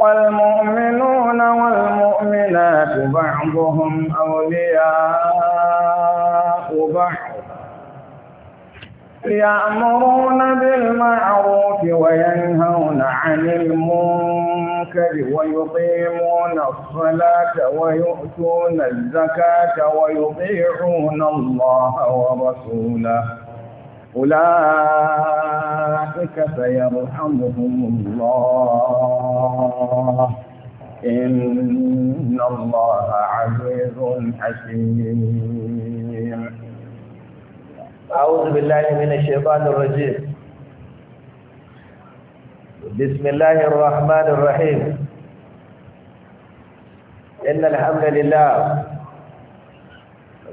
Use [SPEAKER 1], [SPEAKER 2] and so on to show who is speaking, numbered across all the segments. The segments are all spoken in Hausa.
[SPEAKER 1] والمؤمنون والمؤمنات بعضهم أولياء بعض يأمرون بالمعروف وينهون عن المنكر ويقيمون الصلاة ويؤتون الزكاة ويطيعون الله ورسوله أولئك فيرحمهم الله إن الله عزيز حكيم أعوذ بالله من الشيطان
[SPEAKER 2] الرجيم بسم الله الرحمن الرحيم إن الحمد لله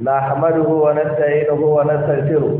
[SPEAKER 2] نحمده ونستعينه ونستغفره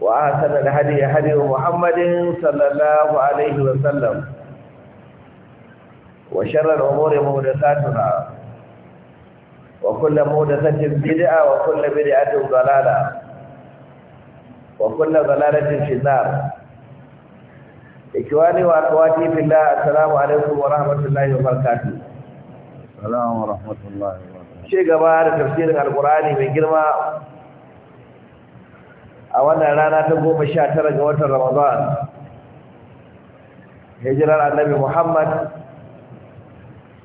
[SPEAKER 2] وأحسن الهدي هدي محمد صلى الله عليه وسلم وشر الأمور محدثاتها وكل محدثة بدعة وكل بدعة ضلالة وكل ضلالة في النار إخواني وأخواتي في الله السلام عليكم ورحمة الله وبركاته السلام ورحمة الله وبركاته شيء قبار تفسير القرآن من جرمه a wannan rana ta goma sha tara ga watan ramadan hijirar annabi muhammad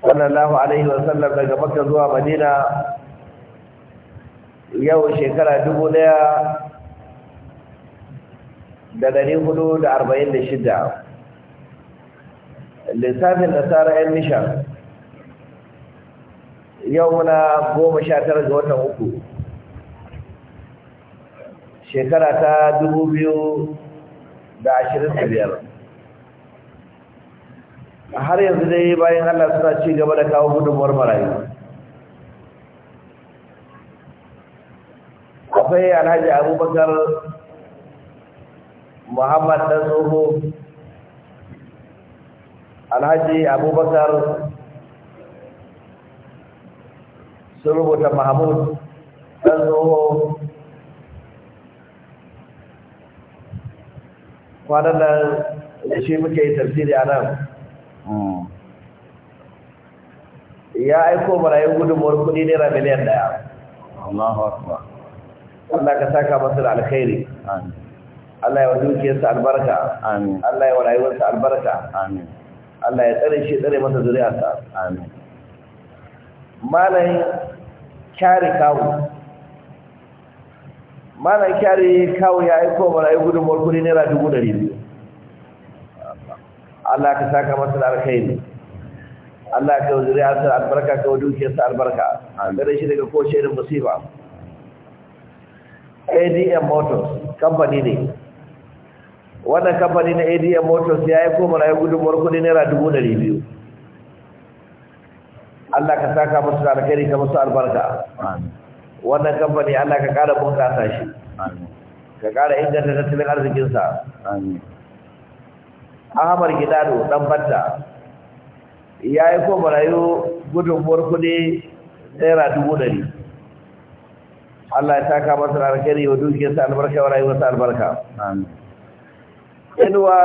[SPEAKER 2] sallallahu alaihi wasallam daga makka zuwa madina yau shekara dubu daya da dari hudu da arba'in da shida lissafin nasara yan nishan yau muna goma sha tara ga watan uku shekara ta dubu biyu da ashirin da biyar. har yanzu dai bayan Allah suna ci gaba da kawo gudunmuwar marayu akwai alhaji abubakar muhammad dan tsoho alhaji abubakar sun rubuta mahmud dan tsoho kwanan nan da shi muke yi tafsiri a nan ya aiko marayin gudunmuwar kudi naira miliyan daya Allah Akbar Allah ka saka masa da alkhairi Allah ya wa dukiyarsa albarka Allah ya wa rayuwarsa albarka Allah ya tsare shi tsare masa zuriyarsa amin malai kyari kawo Mana kyare kawo ya aiko yi gudunmuwar kudi naira dubu ɗari biyu Allah ka saka masa da alkhairi Allah ka wuri asar albarka ka sa albarka gare shi daga ko shirin musiba ADM Motors company ne wannan company na ADM Motors ya aiko yi gudunmuwar kudi naira dubu ɗari biyu Allah ka saka masa da alkhairi ka masa albarka amin wannan kamfani Allah ka kara bunƙasa shi ka kara inganta tattalin arzikinsa Ahmad Gidado Dan Batta ya yi ko marayu gudunmuwar kuɗi naira dubu ɗari Allah ya taka masa alkhairi wa dukiyarsa albarka wa rayuwarsa albarka Inuwa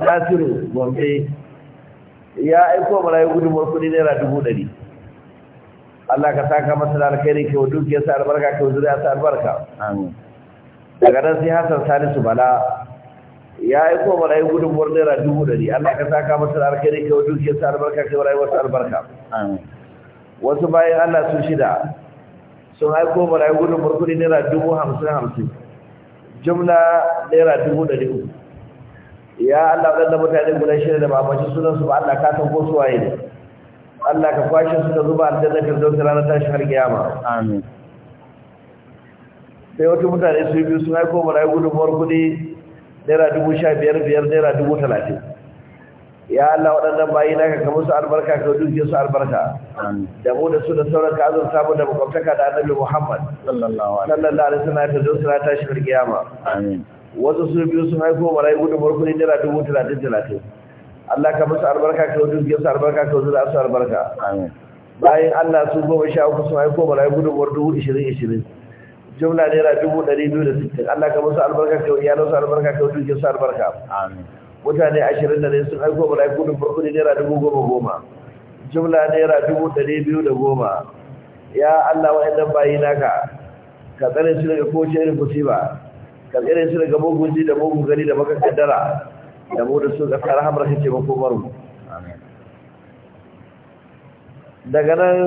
[SPEAKER 2] Nasiru Gombe ya aiko marayu gudunmuwar kuɗi naira dubu ɗari Allah ka saka masa da alkhairi kai wa sa albarka kai wa sa albarka amin daga nan sai Hassan Salisu Bala ya yi ko mana yi gudunmuwar naira dubu ɗari Allah ka saka masa da alkhairi kai wa sa albarka kai wa sa albarka amin wasu bayan Allah su shida sun haiko mana yi gudunmuwar kuɗi naira dubu hamsin hamsin jumla naira dubu ɗari uku ya Allah da mutane guda shida da babaci sunansu ba Allah ka san ko su waye ne Allah ka kwashe su da zuba aljanna firdausi ranar tashi har kiyama amin sai wata mutane su biyu sun haiko marayi gudunmuwar kudi naira dubu sha biyar biyar naira dubu talatin ya Allah waɗannan bayi na ka musu albarka ka duke su albarka da mu da su da sauran ka azurta mu da makwabtaka da annabi Muhammad sallallahu alaihi wasallam ta zo sura ta har kiyama amin wasu su biyu sun haiko marayi gudunmuwar kudi naira dubu talatin talatin Allah ka musu albarka ka wajen gefe albarka ka wajen asu albarka bayan Allah su goma sha uku sun aiko mala'iku da war dubu ishirin ishirin jumla naira dubu ɗari biyu da sittin Allah ka musu albarka ka iyalan su albarka ka wajen gefe albarka mutane ashirin da ne sun aiko mala'iku gudunmuwar kudi da naira dubu goma goma jumla naira dubu ɗari biyu da goma ya Allah wa'annan bayi naka ka tsare su daga kowace irin musiba ka tsare su daga mugun ji da mugun gani da maka da mu da su tsakar hamar shi ce mu daga nan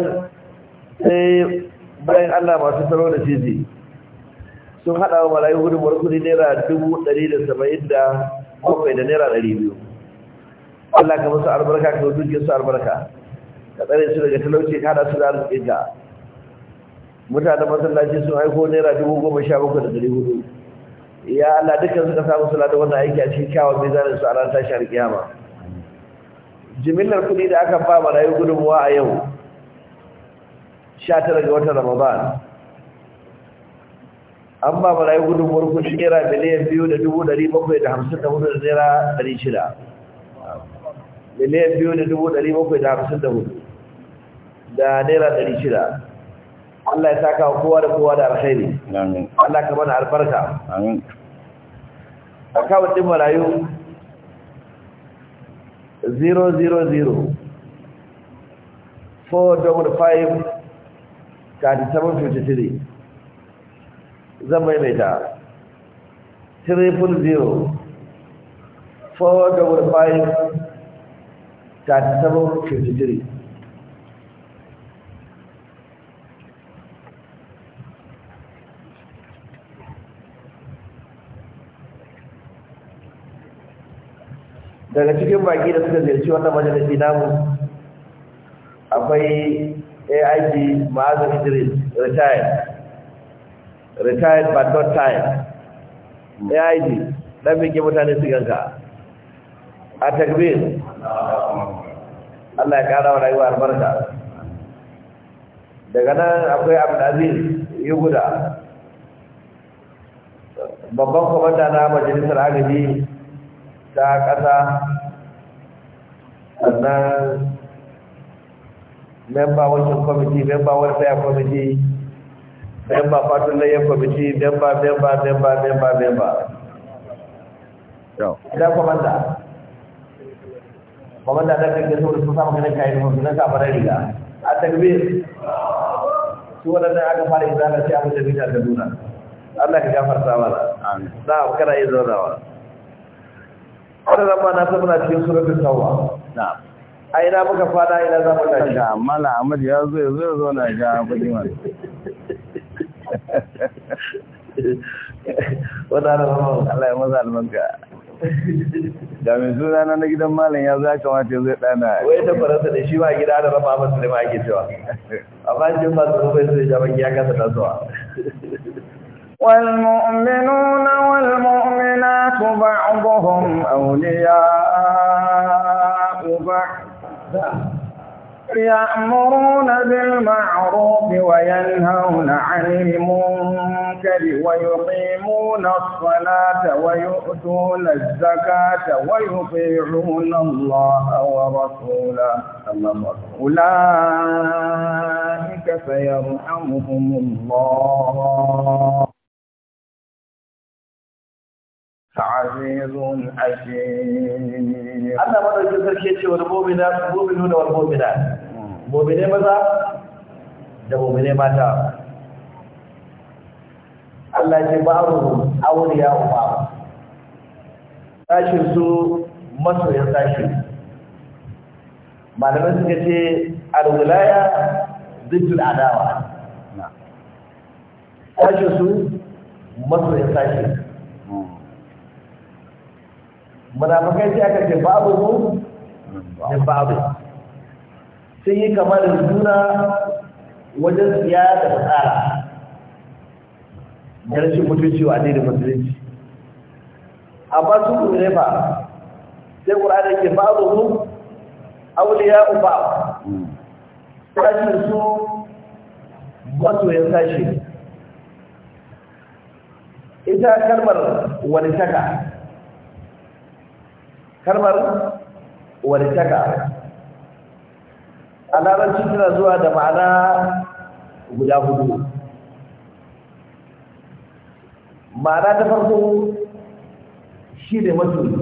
[SPEAKER 2] sai bayan allah masu tsaro da fizi sun haɗa wa malayi gudun markuni naira dubu ɗari da saba'in da bakwai da naira ɗari biyu allah ka musu albarka ka dukkan su albarka ka tsare su daga talauci ka haɗa su da arzikin ka mutanen masallaci sun aiko naira dubu goma sha bakwai da ɗari hudu ya Allah dukkan suka samu suna da wannan aiki a cikin kyawun mizanin su a ran tashar kiyama jimillar kuɗi da aka ba yi gudunmuwa a yau 19 ga watan ramadan an ba yi gudunmuwar kuɗi naira miliyan biyu da dubu ɗari bakwai da hamsin da hudu da naira ɗari shida miliyan biyu da dubu ɗari bakwai da hamsin da hudu da naira ɗari shida Allah ya saka wa kowa da kowa da alkhairi amin Allah ka mana albarka amin akawun din marayu 000 455 zan maimaita 300 455 3753 daga cikin baki da suka ziyarci wannan majalisi namu akwai AIG ma'azin Idris retired retired but not tired AIG dan mike mutane su ganka a takbir Allah ya kara wa rayuwa albarka daga nan akwai Abdulaziz Yuguda babban kwamanda na majalisar agaji ta ƙasa sannan memba wancan kwamiti memba wani warfaya kwamiti memba fatun layan kwamiti memba memba memba memba memba idan kwamanda kwamanda da kan gaso da sun samu ganin kayan mafi na safarar riga a takbir su waɗannan aka fara izana shi a da bita da nuna Allah ka gafarta mana na kana yin zaunawa wadda zama na sabu na cikin suratun tawa na a ina muka fada ina zama na tashi da
[SPEAKER 1] mala amur ya zo ya zo ya zo na sha kudi ma wadda na zama Allah ya maza almanka da mai suna na na gidan malam ya zo ya kamata ya zo ya dana wai ta faransa da
[SPEAKER 2] shi ba gida da rama masu nema ake cewa a jin ba su bai su da jama'a ya kasa tasowa
[SPEAKER 1] والمؤمنون والمؤمنات بعضهم أولياء بعض يأمرون بالمعروف وينهون عن المنكر ويقيمون الصلاة ويؤتون الزكاة ويطيعون الله ورسوله أولئك سيرحمهم الله عزيز حكيم Allah madaukin sarki yace wal mu'mina
[SPEAKER 2] mu'minuna wal mu'minat mu'mine maza da mu'mine mata Allah ya ba'ru awliya ba. tashin su masoyan tashi malamai suka ce al-wilaya ziddul adawa tashin su masoyan tashi munafikai sai aka ce babu mu ne babu sun yi kamar juna wajen siyasa da tsara Garci rashin mutunci wa da musulunci amma su kuma ne ba sai ƙura'ada ke babu mu auliya uba sashen su ya sashe. ita kalmar wani taka kalmar wartaka a larabci tana zuwa da ma'ana guda hudu ma'ana ta farko shi ne masoyi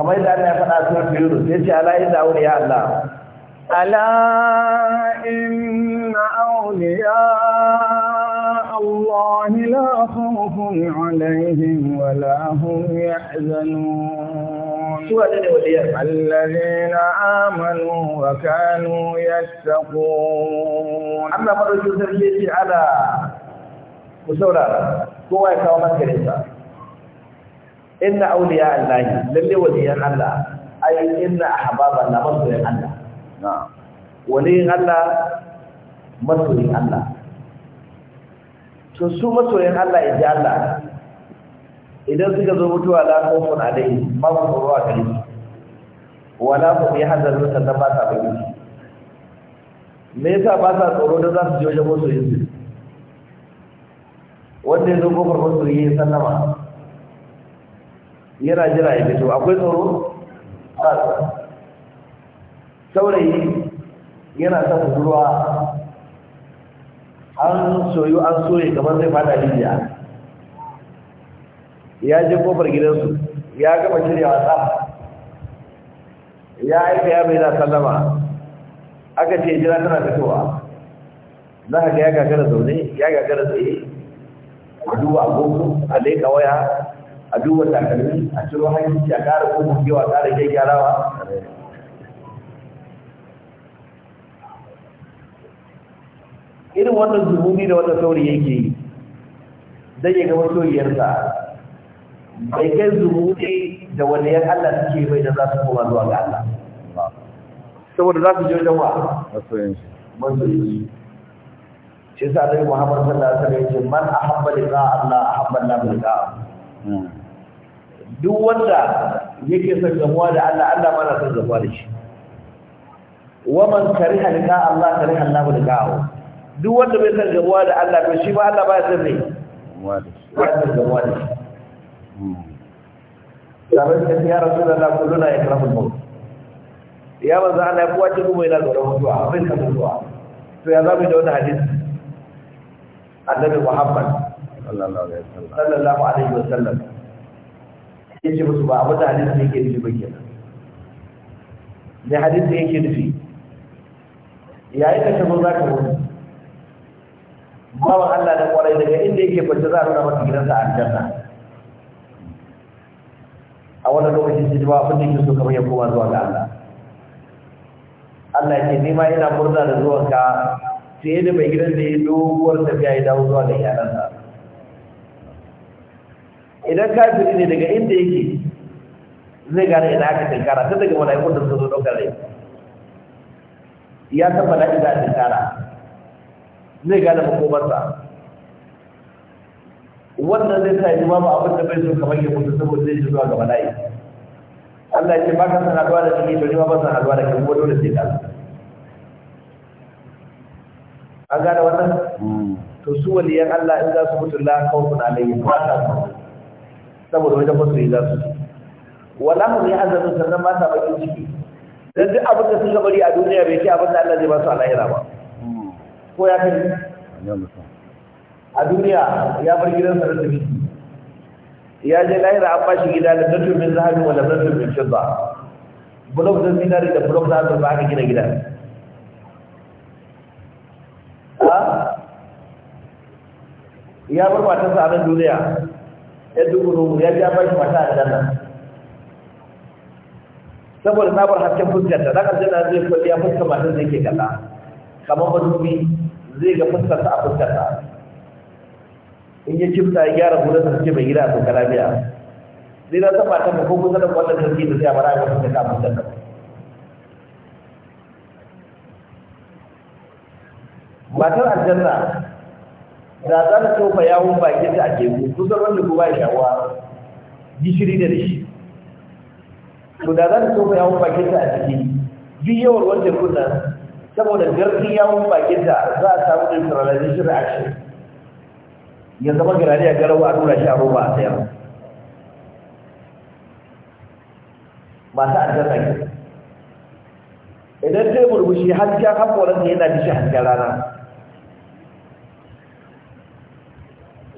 [SPEAKER 2] kamar yadda Allah ya faɗa a cikin Yunus sai ce ala inna ya Allah
[SPEAKER 1] ala inna awliya الله لا خوف عليهم ولا هم يحزنون الذين آمنوا وكانوا يتقون أما مرة جزرية على مسورة كوا يكاوما
[SPEAKER 2] كريسا إن أولياء الله للي وليا الله أي إن أحباب الله مصر الله نعم ولي الله مصر الله to su masoyan Allah ya ji Allah idan suka zo mutuwa la kofun alaihi ba ku tsoro wala ku bi hadarin sannan ba sa bari me yasa ba sa tsoro da za su je wajen masoyin su wanda ya zo kofar masoyi ya sallama yana jira ya fito akwai tsoro saurayi yana son budurwa an soyu an soye kamar zai fada rijiya ya je kofar gidansu ya gama shirya tsaf ya aika ya mai na sallama aka ce jira tana fitowa za ka ga ya gagara zaune ya gagara tsaye a duba agogo a leka waya a duba takalmi a ciro shi a ƙara kofin gewa ƙara gyarawa irin wannan zuhudi da wata sauri yake yi dan ya ga soyiyarsa bai kai zuhudi da wani yan Allah suke bai da za su koma zuwa ga Allah saboda za su je wajen wa masoyin shi sa dai Muhammad sallallahu alaihi wasallam ya ce man ahabba liqa Allah ahabba Allah liqa hmm. duk wanda yake son gamuwa da Allah Allah ma na son gamuwa da shi wa man kariha liqa Allah kariha Allah liqa'ahu duk wanda bai san gamuwa da Allah to shi ba Allah ba ya san ne ba ya san gamuwa da shi sabon hmm. ka ya rasu da Allah kulluna ya karamu mu ya manzo Allah ya kuwa cikin mai na tsoron mutuwa abin da mutuwa to ya zamu da wani hadisi annabi Muhammad sallallahu alaihi wasallam yace musu ba abu da hadisi yake nufi ba kenan ne hadisi yake nufi yayin da ka zo za ka mutu bawan Allah da kwarai daga inda yake bace za a nuna masa gidansa a aljanna a wannan lokacin shi ba abin da yake so kamar ya koma zuwa ga Allah Allah yake nema ina murna da zuwanka sai da mai gidan da ya doguwar tafiya ya dawo zuwa ga iyalansa idan kafiri ne daga inda yake zai gane ina aka tinkara ta daga mala'ikun da su zo ɗaukar rai ya san mala'ika tinkara zai gane makomarsa wannan zai sa yi babu abin da bai zo kamar ya mutu saboda zai shiga ga bala'i Allah ya ce ba ka san haduwa da shi jirgin ba san haduwa da kai dole sai ka an gane wannan hmm. to su waliyan Allah in za su mutu la khawfun alaihim ba ta saboda wajen ba su yi za su wala hum yahzanun sannan ba ta bakin ciki dan duk abin da sun gabari a duniya bai ce abin da Allah zai ba su a lahira ba ko ya kai a duniya ya bar gidansa da tafi ya je lahira an bashi gida da dattu min zahabi wa lamratu min fidda blok da zinari da blok da ba aka gina gida ya bar matarsa a nan duniya ya dubu ya an bashi mata a gidan nan saboda na bar hasken fuskar ta dan aljanna zai kwalliya fuskar matar zai ke kalla kamar dubi. zai ga fuskarsa a fuskarsa in ya cimta ya gyara gudun sa ce mai gida a tsokar lafiya zai na sama ta ko kusa da wannan sarki da zai mara ga fuskar ka fuskar ka matar aljanna da za ta tofa yawon bakin ta a teku kusan wanda ku ba ya shawara gishiri da shi to da za ta tofa yawon bakin ta a ciki duk yawan wanda kuna saboda garfi yawon bakinta za a samu neutralization reaction ya zama girani a garau a nuna shi a roba a tsayar. masu aljanna ke idan zai murmushi hasken da yana dishi hasken rana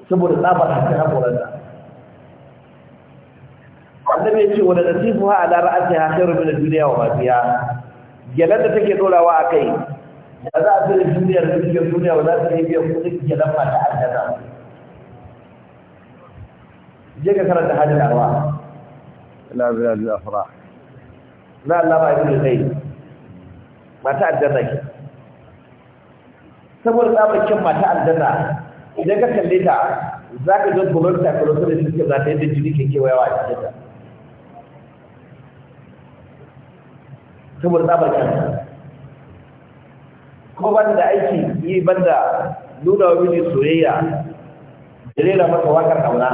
[SPEAKER 2] saboda tsabar hasken da. annabi ya ce wani nasifu ha'adar ala ra'asa ya da duniya wa mafiya. gyalar da take dorawa a kai da za a tsere duniyar dukiyar duniya ba za ta iya biyan kudin gyalar mata aljanna je ka karanta hajji da awa
[SPEAKER 1] la bila da afra
[SPEAKER 2] na Allah ba ibn kai, mata aljanna ke saboda tsabakin mata aljanna idan ka kalle ta za ka zo gulon takalon da suke za ta yi da jini ke kewayawa a cikin ta saboda tsabar kanta kuma ban da aiki yi ban da nuna wa miji soyayya da rera masa wakar kauna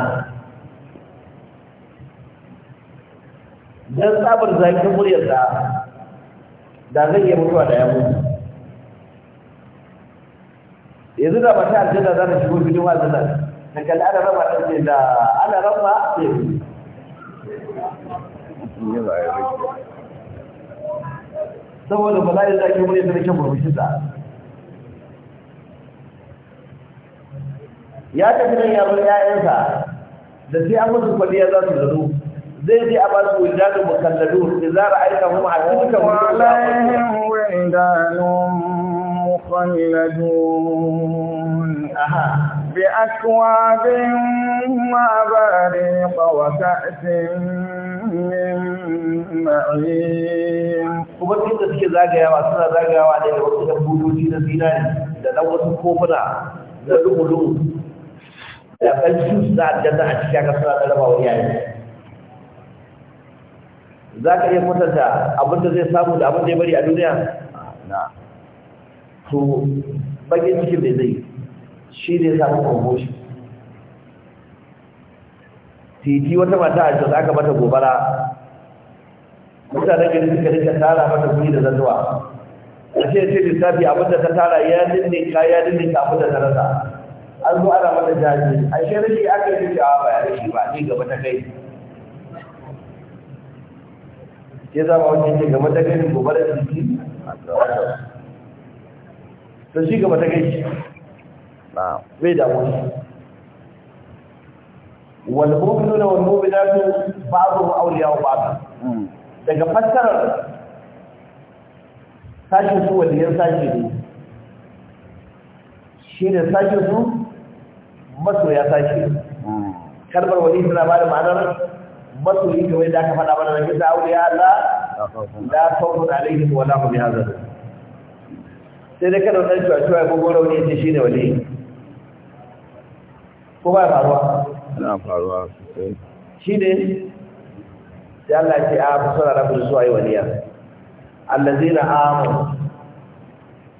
[SPEAKER 2] don tsabar zakin muryarsa da zai iya mutuwa da yamu yanzu da mata aljanna za ta shigo filin wa zanar da kalli ana rama ta ce da ana rama ce saboda bala'in da ake mune sarkin burbushin sa ya tafi nan ya bar ƴaƴansa da sai an musu kwaliya za su zaro zai je a ba su wildanun mukalladu idza
[SPEAKER 1] ra'aytahum hakikan wa wildanun mukhalladun aha بأكواب
[SPEAKER 2] وأباريق وكأس kuma duk da suke ne da wasu na zinari da wasu da a cikin aka suna iya kwatanta abin da zai samu da abin da ya bari a duniya to bakin cikin da zai shi ne samun promotion titi wata mata a cikin aka mata gobara mutane gari suka rika tara mata kuɗi da zanzuwa a ce ce lissafi abinda ta tara ya dinne ka ya dinne ka abinda ta rasa an zo ana mata jaji a shi aka yi cewa ah, ba ya rashi ba ni gaba ta kai ke zama wajen ce gaba ta kai gobara titi ta shi gaba ta kai bai damu والمؤمنون والمؤمنات بعضهم أولياء بعض daga fassarar sashin su waliyan sashi ne shi ne sashin su masoya sashi kalmar wani suna ba da ma'anar masoyi wani da aka faɗa mana na gida ya Allah da la khawfun alaihim wa la hum yahzanun sai dai kada wannan cewa cewa gogoro rauni ya ce shi ne wani. ko ba ya faruwa
[SPEAKER 3] suna faruwa sosai
[SPEAKER 2] shi ne Allah ce a fasara na kudu a yi waliya allazi na amu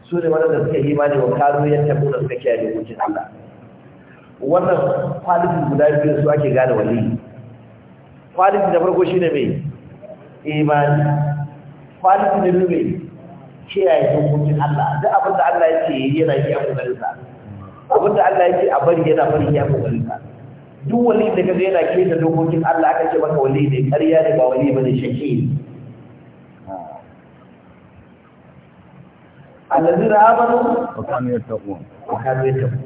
[SPEAKER 2] su ne wadanda suka yi imani wa karu ya tabu da suka kiyaye wucin Allah wannan kwalifin guda biyu su ake gane wali kwalifin da farko shi ne mai imani kwalifin da biyu mai kiyaye wucin Allah duk abin Allah ya ce yana yi a kokarinsa abin da Allah ya ce a bari yana bari ya kokarinsa duk wali da kaga yana keta dokokin Allah aka ce maka wali ne ƙarya ne ba wali bane shaki الذين آمنوا وكانوا يتقون ya taɓo.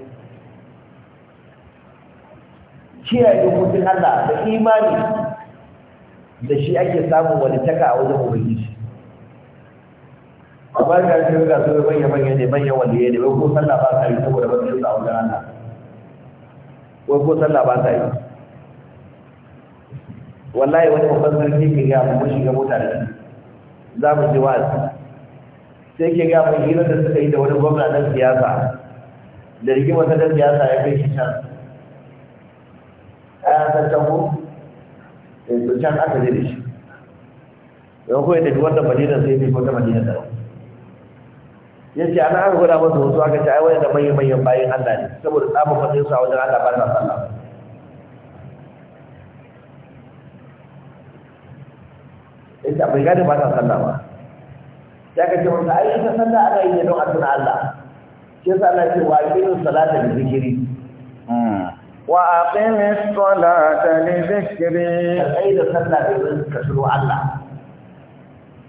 [SPEAKER 2] kiyaye dokokin Allah da imani da shi ake samun wani taka a wajen ubangiji amma ga shi ga so manya manya ne manya wali ne ko sallah ba ka yi saboda ba ka yi a Allah wai ko sallah ba ta yi wallahi wani babban sarki ke ga mu shiga mota da za mu ji wa'azi sai ke ga mu hira da suka yi da wani gwamna na siyasa da rigimar ta siyasa ya kai shi can a yasan can ko eh, to can aka zai da shi yau kawai da wannan madina sai ne ko ta madina da ya ce ana aka gwada masu wasu aka ce ai wani da manyan manyan bayan Allah ne saboda tsamin matsayin sa wajen Allah ba na sallah ya ce bai gani ba ta sallah ba ya ka ce masa ai ita sallah ana yi ne don asuna Allah shi yasa Allah ce wa aqimu salata bi zikiri wa aqimu salata li zikri kai da sallah da ka tuno Allah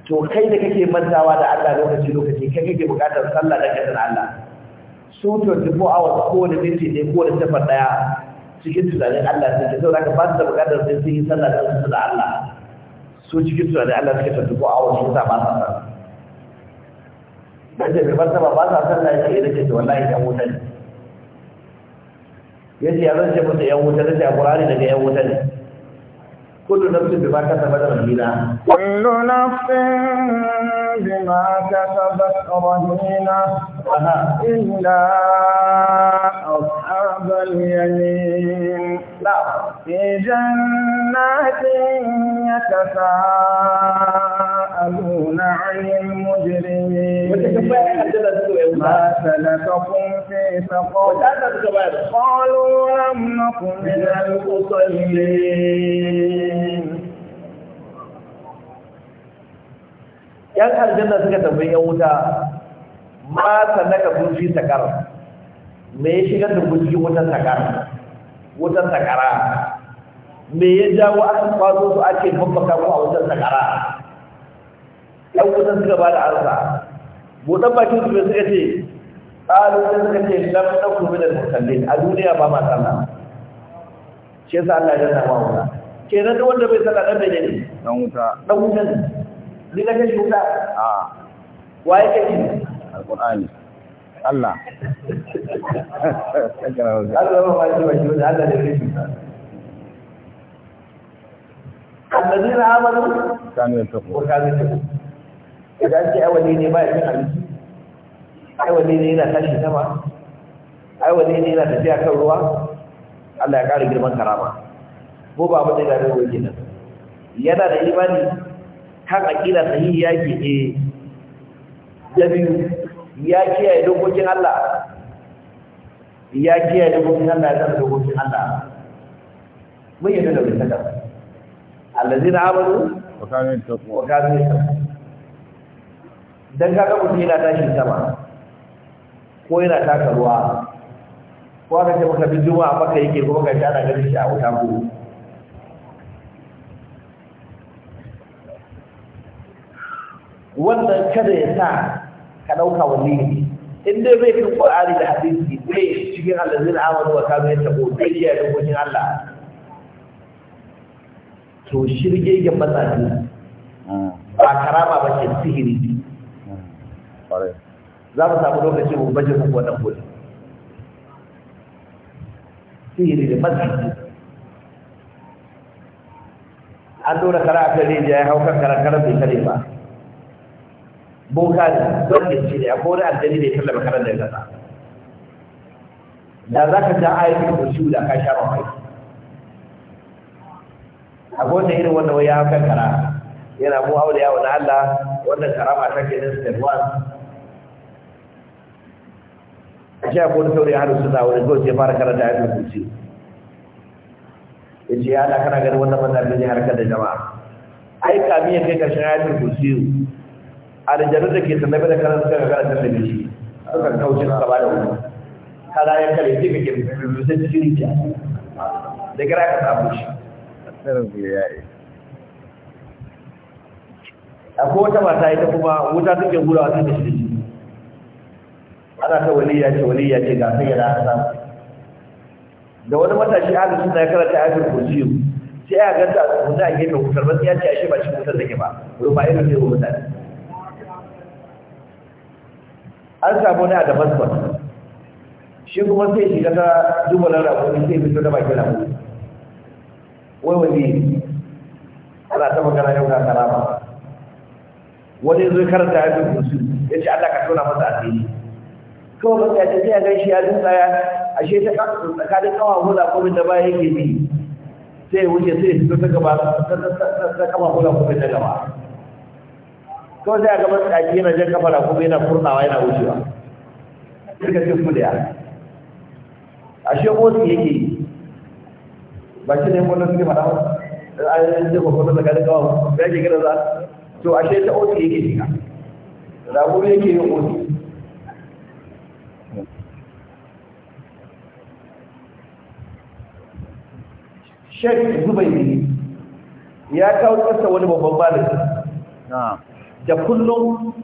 [SPEAKER 2] to kai da kake mantawa da Allah lokaci lokaci kai kake bukatar sallah da kaddar Allah su 24 hours ko da minti ne ko da safar daya cikin tunanin Allah ka ke saboda ba da bukatar sai sun yi sallah da su da Allah So cikin tunanin Allah suke 24 hours sun ba sa sallah dan da ba ta ba sa sallah sai da ke wallahi dan wuta ne yace ya zance musu yan wuta da Qur'ani daga yan wuta ne kullu nafsin bima kasabat rahina
[SPEAKER 1] kullu nafsin bima kasabat rahina إلا أصحاب اليمين لا في جنات يتساءلون عن المجرمين ما سلككم في سقر قالوا لم نكن من المصلين
[SPEAKER 2] yan aljanna suka tambayi yan wuta Masa sanaka kun fi sakar me ya shigar da ku cikin wutar sakar wutar sakara me ya jawo aka kwazo su ake babbaka ko a wutar sakara ɗan wutan suka ba da arsa buɗan bakin su suka ce ƙalu sai suka ce lam na kuma da musallin a duniya ba ma sana shi sa Allah ya dana ma wuta kenan da wanda bai sallah dan bane ne dan wuta dan wuta ne ni na kashi wuta a waye kashi alqur'ani Allah Allah ba shi ba shi Allah Allah ya ƙara girman karama ko ba abin da ya rage nan yana da imani kan aƙida sahihi yake eh ya kiyaye dokokin Allah ya kiyaye dokokin Allah ya zama dokokin Allah mun yi da wani sadaka na amanu wa kanu yattaqun wa kanu yattaqun dan kaga mutum yana tashi sama ko yana taka ruwa ko aka ce maka bijuma maka yake ko ka ana ganin shi a wuta ko wannan kada ya sa ka ɗauka wani ne in dai bai fi ƙwarari da hadisi bai cikin allazin amanu wa kanu yadda tabo bai a dokokin Allah to shirge ga matsafi ba karama ba ke sihiri za mu samu lokacin mu bajin mu wannan gobe sihiri da matsafi an dora kara a kan rijiya ya hau kan kara kara bai kare ba boka ne don da shi ne ya kori aljani da ya kalla makarar da ya zata da za ka ja ayatul kursi da ka sha mamaki a kowane irin wanda wani ya kara yana mu haula yawon na Allah wannan karama ta kenan step one a ce a wani sauri a hannun suna wani zuwa ce fara karanta ya kursi ya ce ya da kana gani wannan da ya harkar da jama'a ai kami ya kai karshen ayatul kursi aljanu da ke sannabe da kanan suka gagara ta sannabe shi suka kauce suka ba da wani kada ya kare sai ka ke rubuce cikin rijiya da gara ka samu shi akwai wata mata ita kuma wuta take gurawa ta da shi ana ta ya ce wani ya ce ga sai ya rasa da wani matashi ahlus sunna ya karanta ayatul kursiyu sai ya ganta wanda a gefe wutar ba sai ya ce ashe ba shi wutar take ba rufa irin sai rubuta an samu na da damaskus shi kuma sai shiga ta dubalar rakuni sai fito da bakin rakuni wai wani ana ta magana yau na karama wani zai karanta ya bin kusur ya ce Allah ka tona masa asiri kawai ba ya ce ya gan shi ya tsaya a shi ta tsakanin kawa hula kuma da ba yake bi sai wuce sai su ta gaba ta kama hula kuma ta gaba kawai sai a gaban tsaki yana jan kafa ko kuma yana furnawa yana wucewa suka ce su da A ashe motsi yake yi ba shi ne wannan suke fara A yi ne da kuma da kawo ya ke gina za to a shi ta otu yake shiga rabu yake yin otu shek zubai ya kawo kasa wani babban balin da kullum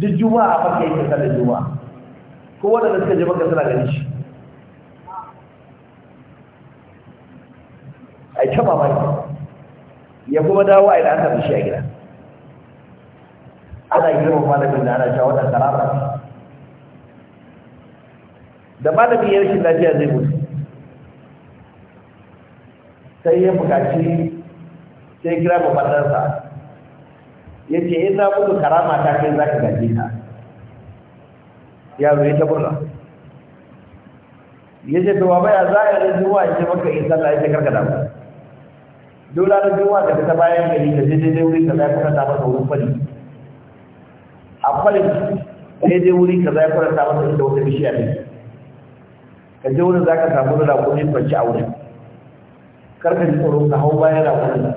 [SPEAKER 2] duk juma'a a maka yake sallar juma'a ko waɗanda suka je maka suna gani shi a ta mamaki ya kuma dawo a idan aka shi a gida ana girma malamin da ana sha wata karara da malamin ya rashin lafiya zai mutu sai ya bukaci sai kira mafaɗarsa ya ce in na mutu karama ta kai za ka gaje Ya yaro ya taburra ya ce to baba ya za a yi zuwa ya ce maka isa sallah ya ce karka damu dole na zuwa ka ta bayan gari ka je daidai wuri ka za ka ta masa wurin fari a farin daidai wuri ka za kuna ta masa inda wata bishiya ne ka je wurin za ka samu da rakunin kwanci a wurin karka ji tsoron ka hau bayan rakunin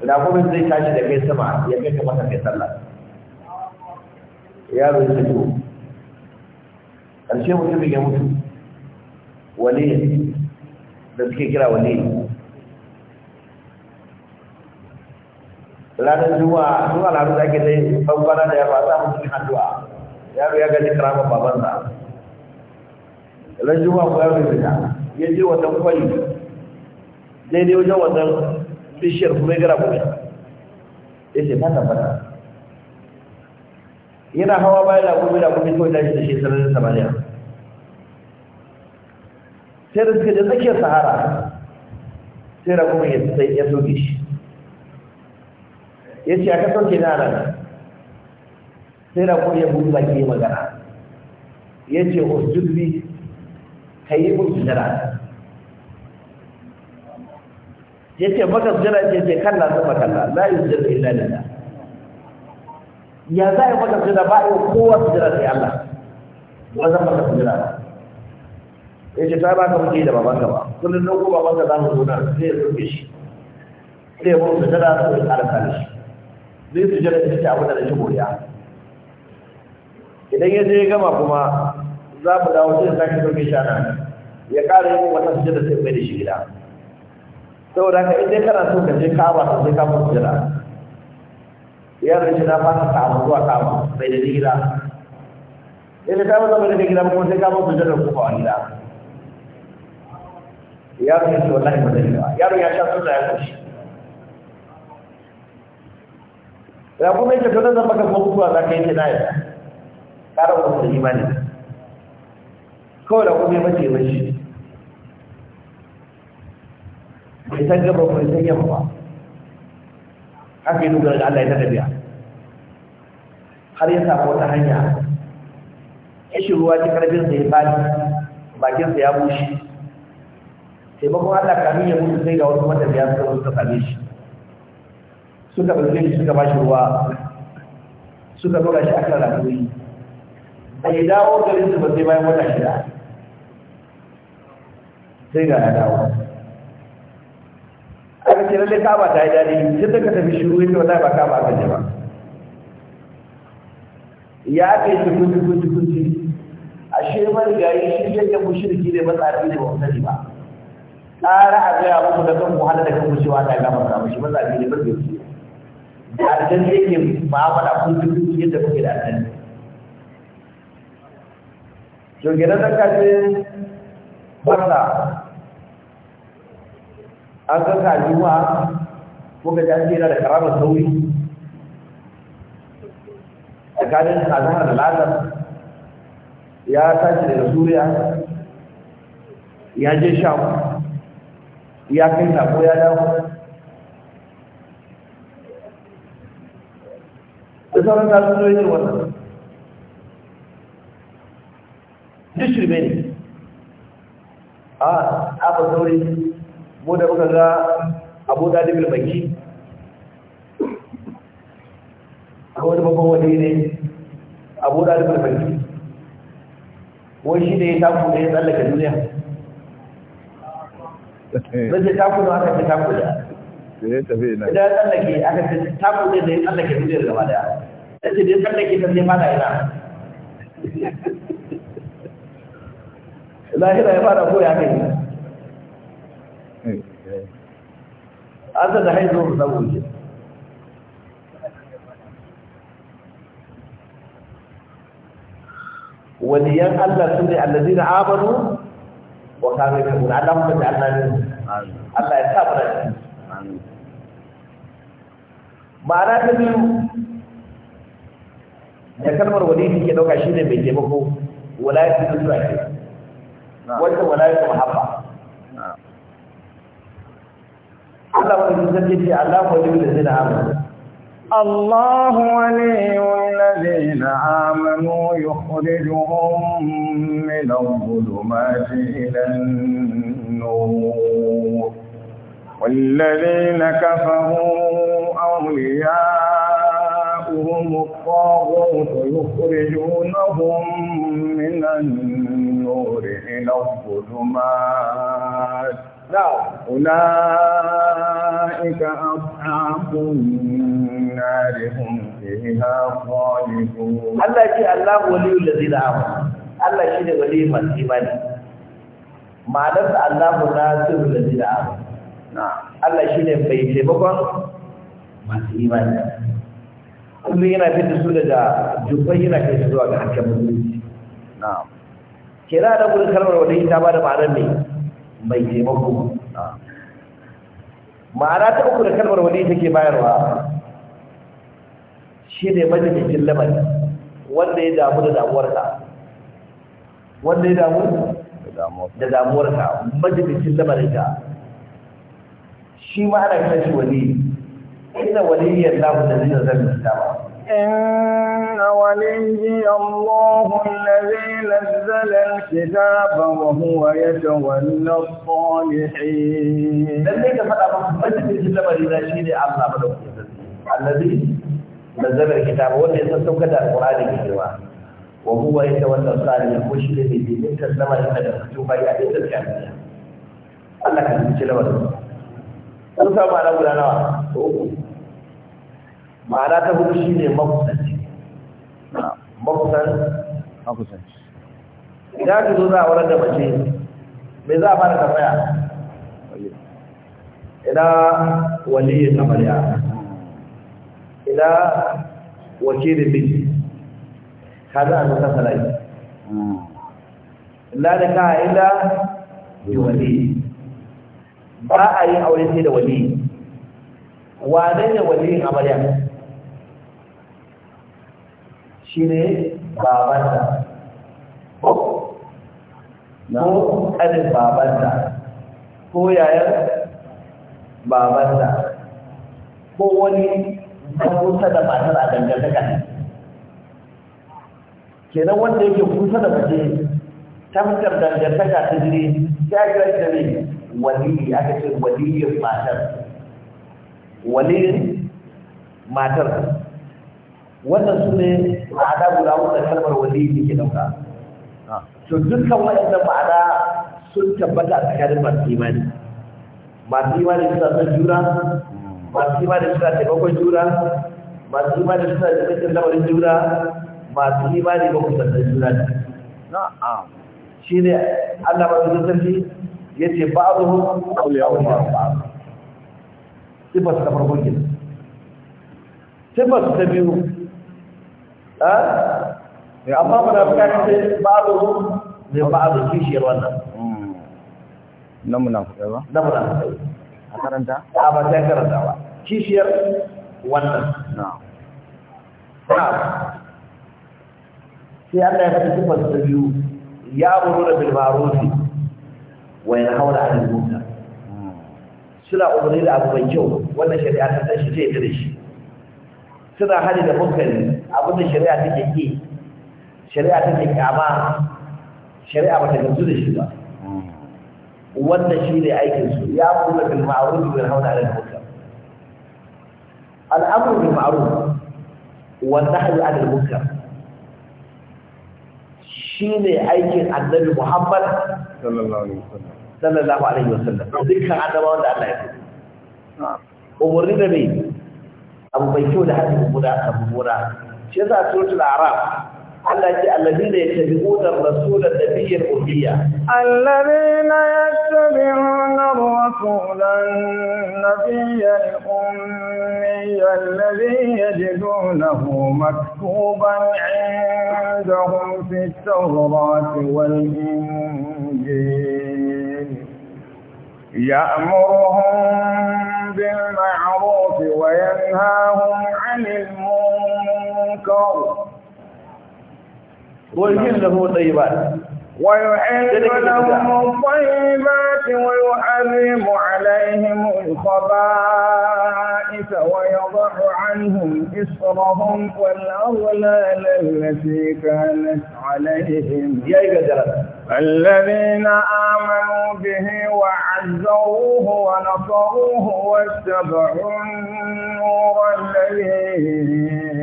[SPEAKER 2] rakumin zai tashi da kai sama ya kai ka masa kai sallah yaro ya fito ƙarshe mutum ya mutu wale da suke kira wale ranar zuwa zuwa lalu da ake dai bambana da yawa, za mu mutumin addu'a yaro ya gaji karamar babansa ranar zuwa ko yaro ya fita ya je wannan kwali daidai wajen wannan bishiyar kuma ya gara kuma ya ce fata fata yana hawa bayan lagumi lagumi kawai tashi da shi sararin samaniya sai da suka je tsakiyar sahara sai lagumin ya sai ya soke shi ya ce aka sauke na nan sai lagumin ya buɗe baki magana ya ce usjudu ka yi mun sujada yace maka ce yace kalla sama kalla la yusjadu illa lillah ya za yi maka jira ba a yi kowa jira, sai Allah ba zan maka jira ba ya ce ta ba ka muke da babanka ba kullum na ko babanka za mu na sai ya rufe shi sai ya mun jira su ya ƙara kare shi zai jira ita ce abin da shi godiya idan ya je ya gama kuma za mu dawo sai ya sake rufe shi ya ƙara yin wata jira sai mai da shi gida saboda ka inda kana so ka je kaba ka je kaba jira yaran shi na fata kama zuwa kama bai da digira ina ta wata bai da digira kuma sai kama su jira kuma a da yaron ya ce wallahi ba zai ba yaron ya sha suna ya kashi ya kuma yake to nan zan baka mutuwa za ka yi kina ya ƙara wasu imani kawai da kuma ya mace mace bai san gaba bai san yamma ba haka yi dogara ga Allah ya tafiya har ya samu ta hanya kishi ruwa ta karfin sa ya fadi bakin sa ya bushe taimakon Allah kamin ya mutu sai ga wasu matafiya suka zo suka same shi suka ɗauke shi suka ba shi ruwa suka ɗora shi akan rafiyoyi bai dawo garin su ba sai bayan wata shida sai ga ya dawo ce lalle kaba ta yi daɗi yadda ka tafi shiru yake wata ba kaba aka je ba ya kai shi kunci kunci kunci ashe mani gari shi ke mushriki ne tsari ne ba ku sani ba Tsara a gaya muku da kan wahala da kan wucewa ta gama samu shi tsari ne ba ku yi da aljan yake ma'amala kunci kunci yadda kuke da aljan to gidan nan ka ce barna an ga ka juma'a muka ji an ce yana da karamar sauri tsakanin azahar da ya tashi daga suriya ya je sham ya kai sako ya dawo da sauran tasirin wannan duk shirme ne a abu sauri mu da muka ga abu da dabil baki a wani babban wani ne abu da dabil baki wani shi ne ya taku ne ya tsallaka duniya
[SPEAKER 1] eh. zai taku da aka ce taku da idan ya tsallake aka ce taku ne da ya tsallaka duniya da gaba daya
[SPEAKER 2] zai da ya tsallake ta zai mana yana lahira ya fara koya kai asa da haizo saboda 'yan Allah su ne allazi na amanu wa kame kabura Allah muka ji Allah ne Allah ya sa mana ma'ana ta biyu da kalmar wani wali ke ɗauka shi ne mai taimako wala ya fi zuwa ke wanda wala ya fi mahabba
[SPEAKER 1] الله ولي الذين آمنوا يخرجهم من الظلمات إلى النور والذين كفروا أولياؤهم الطاغوت يخرجونهم من النور إلى الظلمات أولئك أصحاب النار هم فيها خالدون الله يجي الله ولي الذي لا آمنوا
[SPEAKER 2] الله يجي ولي من إيمان ما نفس الله ناصر الذين آمنوا Allah shi ne bai taimakon من إيمان kullum yana fita su da jubban yana kai su zuwa ga hankali musulunci kira da gudun karmar wadda ita ba da ma'anar mai mai taimako ma'ana ta uku da kalmar wani take bayarwa shi ne majalikin lamari wanda ya damu da damuwarsa wanda ya damu da damuwarsa majalikin lamarin ta shi ma'ana kashi wani ina waliyyar lahu da zina zan da
[SPEAKER 1] إن وليي الله الذي نزل الكتاب وهو يتولى الصالحين
[SPEAKER 2] الذي نزل الكتاب وهو يتسوك دار القرآن الكريم وهو يتولى الصالحين وشيء الذي من تسلم إن الكتب يأتي الكاملة الله كان الجلبة أنت ما نقول لنا ma'ana ta hudu shi ne makusanci makusanci ya ka zo za a wurin da mace mai za a fara tafaya ina waliyin amarya ina wakilin miji ka za a zo kasa rai hmm. ina da ka ina yi wali ba a yi aure sai da wali wane ne waliyin amarya shi ne babanta ko ƙanin babanta ko yayan babanta ko wani kusa da matar a dangantaka ne kenan wanda yake kusa da mace tamtar dangantaka ta jiri ta kira ne waliyi aka ce waliyin matar waliyin matar wannan su ne ma'ana guda wanda kalmar wali ne ke dauka ah. to dukkan waɗannan ma'ana sun tabbata a tsakanin masu imani masu imani suna son jura masu imani suna taimakon jura masu imani suna taimakon lamarin jura masu imani ba ku sannan jura ne shi ne allah ba su sarki ya ce ba a zuhu kauliyawar ba sifar ta farko gina sifar ta biyu eh amma munafikan sai ba'du ne kishiyar
[SPEAKER 1] wannan na hmm. munafikai ba na munafikai
[SPEAKER 2] a karanta a ba sai karanta ba kishiyar wannan na'am sai Allah ya fata sifar biyu ya buru da bilmarufi wa yana haura a suna umarni da abu mai kyau wannan shari'a ta san shi ce da shi suna hali da munkari abin shari'a take ke shari'a take kyama shari'a ba ta gamsu da shi ba wannan shi ne aikin su ya kula bil ma'ruf wa hauna 'ala al-munkar al-amru bil ma'ruf wa nahyu al-munkar shi ne aikin annabi Muhammad sallallahu alaihi wasallam sallallahu alaihi wasallam dukkan annabawan da Allah ya fi umarni da mai abu bai kyau da hadin guda abu guda شذا سورة الأعراف الذين يتبعون الرسول النبي الأمية
[SPEAKER 1] الذين يتبعون الرسول النبي الأمي الذي يجدونه مكتوبا عندهم في التوراة والإنجيل يأمرهم بالمعروف وينهاهم عن المنكر kawo, ko yin
[SPEAKER 2] lahoɗai ba.
[SPEAKER 1] ويحل لهم الطيبات ويحرم عليهم الخبائث ويضع عنهم إصرهم والأغلال التي كانت عليهم الذين آمنوا به وعزروه ونصروه واتبعوا النور الذي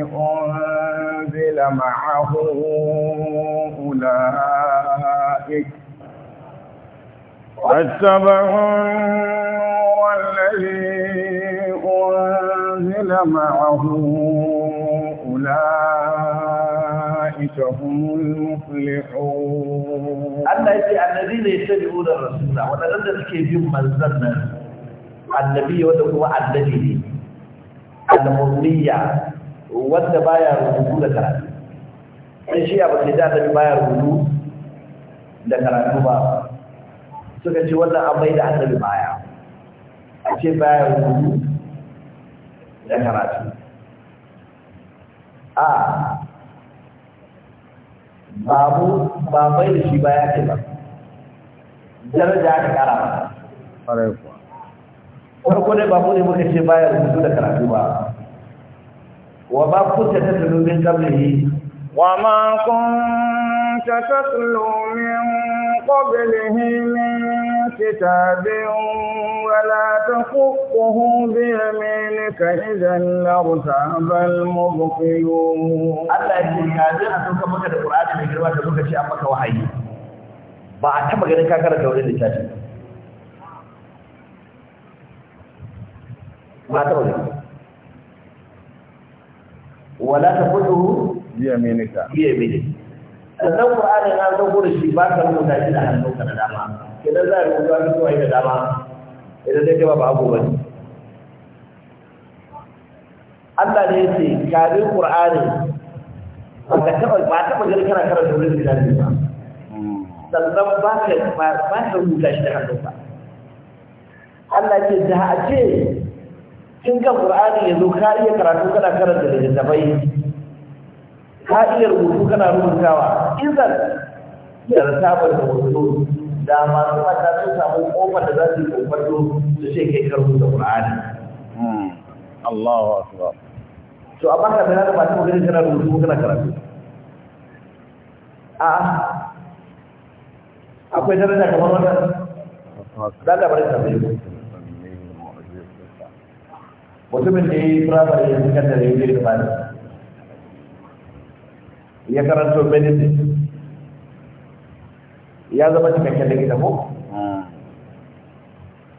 [SPEAKER 1] أنزل معه أولئك واتبعوا النور الذي أنزل معه أولئك هم المفلحون
[SPEAKER 2] الذين يتبعون الرسول ونغنى كيف يمزلنا النبي وتقوى النبي المؤمنية wanda baya rubutu da ɗan shi abu sai da ta bayar gudu da karatu ba suka ce wannan an bai da annabi baya a ce bayar rubutu da karatu a babu ba mai da shi baya ce ba daraja aka kara ba farko ne babu ne muka ce baya gudu da karatu ba wa ba kusa ta tunubin kablihi
[SPEAKER 1] وَمَا كُنْتَ تَتْلُو مِنْ قَبْلِهِ مِنْ كِتَابٍ وَلَا تَخُطُّهُ بِيَمِينِكَ إِذًا لَارْتَابَ الْمُبْطِلُونَ Allah ya ce ya
[SPEAKER 2] zai so kan maka da Qur'ani mai girma da lokaci an ba a taba ganin ka karanta wurin littafi ba ta wuri wala ta fudu
[SPEAKER 1] biya minika biya minika
[SPEAKER 2] sannan qur'ani na dauko gure shi ba ka da shi da hannu kana na dama idan za a rubuta ka zuwa da dama idan dai ba babu bane Allah ne yace kafin qur'ani baka ta ba ba gari kana karanta wurin da ba sannan ba ka ba ka da shi da hannu ka Allah ce da a ce kin ga Qur'ani yanzu ka iya karatu kana karanta da littattafai ka iya rubutu kana rubutawa zan yarta ba da wato da masu mata sun samu kofar da za su yi kofarto su ce kai karbu da Qur'ani
[SPEAKER 3] hmm. Allahu akbar
[SPEAKER 2] to a baka da nan masu magana kana rubutu kana karatu a akwai daraja kamar wannan da da bari sabbi. bayyana mutumin da ya yi firamare ya fi kan da ya yi ya karanto medicine ya zama cikakken likita ko? Ah.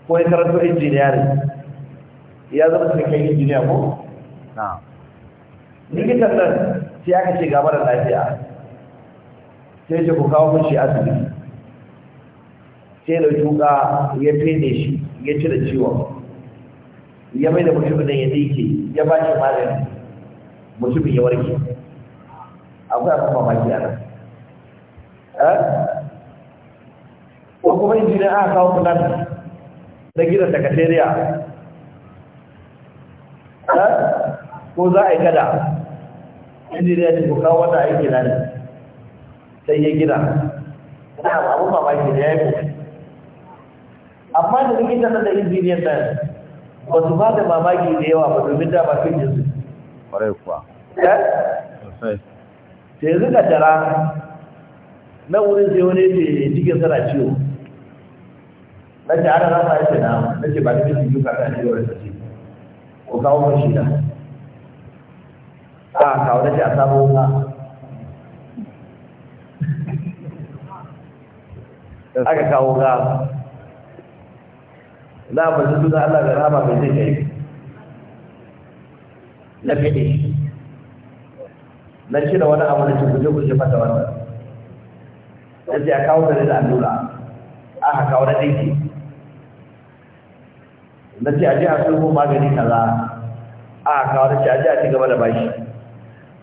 [SPEAKER 2] ko ya karanto engineering ya zama cikakken engineer ko? likitan nan sai aka ce gaba da lafiya sai ce ku kawo mun shi asibiti sai da tuka ya fene shi ya cire ciwon ya mai da mutumin da ya dike ya ba shi magani mutumin ya warke akwai abin mamaki a nan eh? ko kuma injiniya aka kawo mu nan na gidan sakatariya eh? ko za a yi kada injiniya ne ko kawo wata aiki na ne sai ya gina na ba mamaki ne ya yi kuma amma da likitan da injiniyan nan ba su ba da mamaki da yawa ba domin da ba su jinsu. Kwarai kuwa. Eh? sai yanzu ka tara na wurin sai wani ce cikin sana ciwo na ce ana rama ya ce na na ce ba ta fi cikin kaka ne ta ce ko kawo kan shi da a kawo na ce a samu wuka aka kawo ga na ba su suna Allah da rama mai zai kai na fiɗe na da wani abu na cikin je ku shi fata wannan ya ce a kawo gari da allura aka kawo na ɗinki na ce a a sulhu magani kaza aka kawo na ce a je a ci gaba da bashi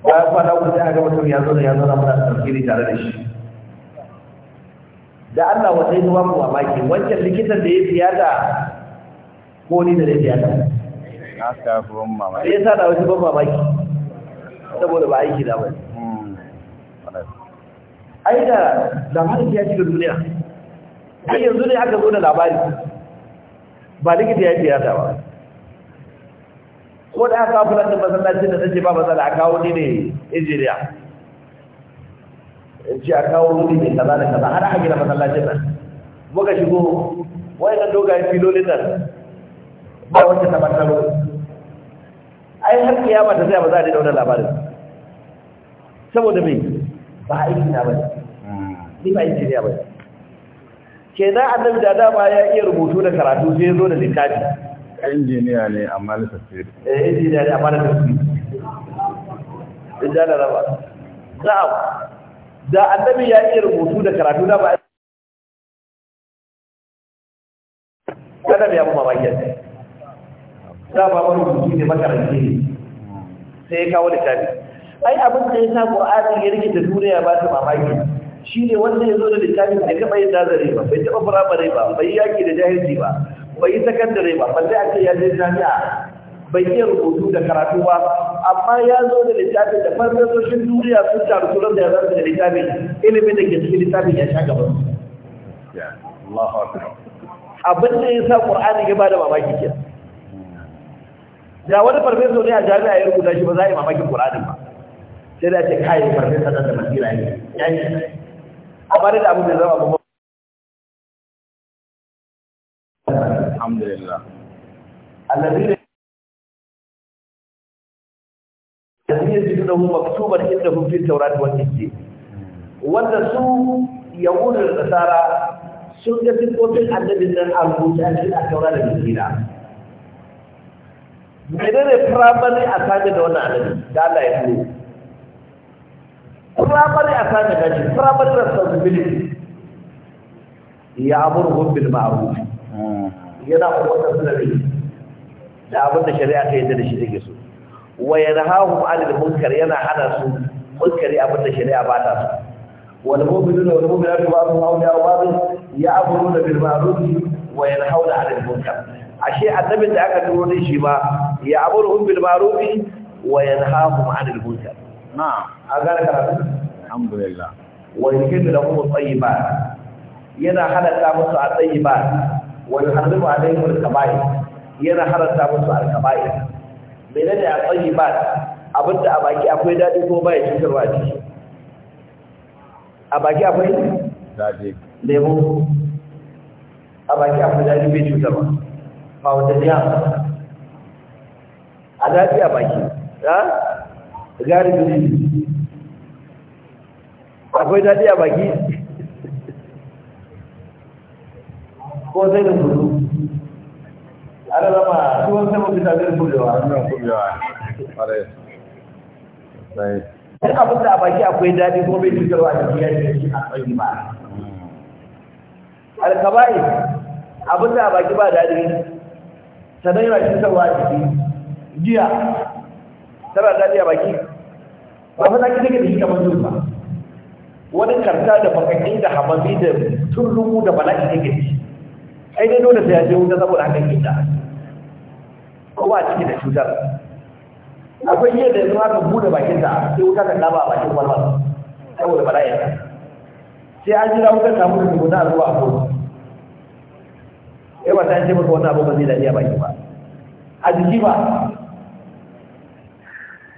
[SPEAKER 2] ya kwana uku sai a gaba mutum ya zo da ya zo na muna tsarkiri tare da shi da Allah wata yi a maki wancan likitan da ya da ko ni da ya tiyata.
[SPEAKER 1] Na ya sa da wasu babu mamaki. saboda ba
[SPEAKER 2] aiki da ba ai da labarin ya shiga duniya ai yanzu ne aka zo da labari ba likita ya ce ya ba ko da aka fulan da masallacin da take ba masala a kawo ni ne injiniya in ce a kawo ni ne kaza da kaza har aka gina masallacin nan muka shigo Wai nan dogayen filolin nan ba wacce ta battalo ai har kiyama ta zai ba za a da wannan labarin saboda mai ba aiki na bane ni ba injiniya bai. ke za a nan da dama ya iya rubutu da karatu sai zo da littafi injiniya ne a na tafsiri eh injiniya ne a na tafsiri
[SPEAKER 1] da raba za da annabi ya iya rubutu da karatu da ba kada ya kuma za
[SPEAKER 2] da ba rubutu ne makaranci ne sai ya kawo littafi ai abin da ya sa qur'ani ya rike da duniya ba ta mamaki shi ne wanda ya zo da littafin da kaba yin zare ba bai taɓa firamare ba bai yaki da jahilci ba bai yi sakandare ba balle aka ce ya je jami'a bai yi rubutu da karatu ba amma ya zo da littafin da farfesoshin duniya sun taru su da ya zarta da littafin ilimin da ke cikin littafin ya sha gaban abin da ya sa ƙur'ani ya bada mamaki ke da wani farfesa ne a jami'a ya rubuta shi ba za a yi mamakin ƙur'anin ba sai da ce kai farfin sanar da masira ne yayi amma da abu bai zama abu Ya alhamdulillah da alladhina yajidunahu maktuban indahum fi taurari wani injil wanda su yahudu da tsara sun ga sifofin annabin nan a rubuce a cikin akawar da injila menene firamare a sami da wannan annabi da Allah ya turo primary assignment primary responsibility ya amurhum bil ma'ruf yana kuma su da da abin da shari'a ta yadda da shi take so wa yanhahum 'anil munkar yana hana su munkari abin da shari'a ba ta so wal mu'minuna wal mu'minatu ba'dhum awliya'u ba'd ya'muruna bil ma'ruf wa yanhauna 'anil munkar ashe annabin da aka turo shi ba ya amurhum bil ma'ruf wa yanhahum 'anil munkar na'am a gane karatu alhamdulillah wa yuhillu lahum at-tayyibat yana halatta musu at-tayyibat wa yuharrimu alayhim al-kaba'ir yana halatta musu al-kaba'ir menene at-tayyibat abinda a baki akwai dadi ko bai cutarwa ce a baki akwai dadi lemo a baki akwai dadi bai cutarwa ba wanda ne a baki ha gari gari akwai dadi a baki ko da kudu ana zama sai kudewa kudewa sai abin da a baki akwai daɗi kuma bai da biyar da shi a ba abin da a baki ba shi giya tana daɗi a baki ba fa zaki take da shi kamar zuwa ba wani karta da bakakai da hamami da turlumu da bala'i take da shi ai dai dole sai ya je wuta saboda haka ke da ko ba ciki da cutar akwai iya da yanzu haka bude bakin ta sai wuta ta kaba a bakin kwalwar saboda bala'i ta sai an jira wutar ta mutu tukuna a zuwa a kotu sai ba ta ce maka wani abu ba zai daɗi a baki ba a jiki ba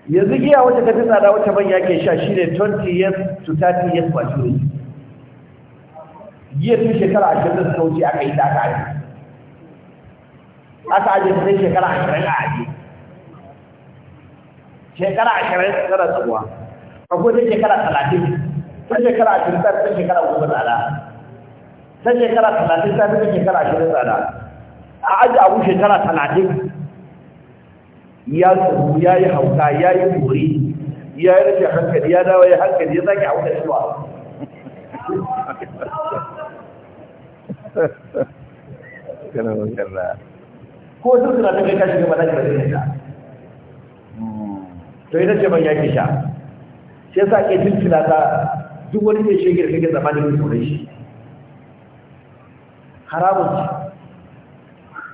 [SPEAKER 2] yanzu giya wacce ta fi tsada wacce manya ke sha shi ne 20 years to 30 years maturity giya tun shekara ashirin da suka wuce aka yi ta aka aji aka aji sai shekara ashirin a aji shekara ashirin tana tsakuwa akwai ta shekara talatin ta shekara ashirin ta ta shekara goma tsada ta shekara talatin ta ta shekara ashirin tsada a aji abu shekara talatin ya tsoro ya yi hauka ya yi kore ya yi rufe hankali ya dawo ya hankali ya sake hauka shi ba ko duk suna ta kai kashi gaba na gaba ta to ita ce ban yaki sha sai sa ke tuntuna ta duk wani ke shi da kake zamanin mai tsoron shi haramun ce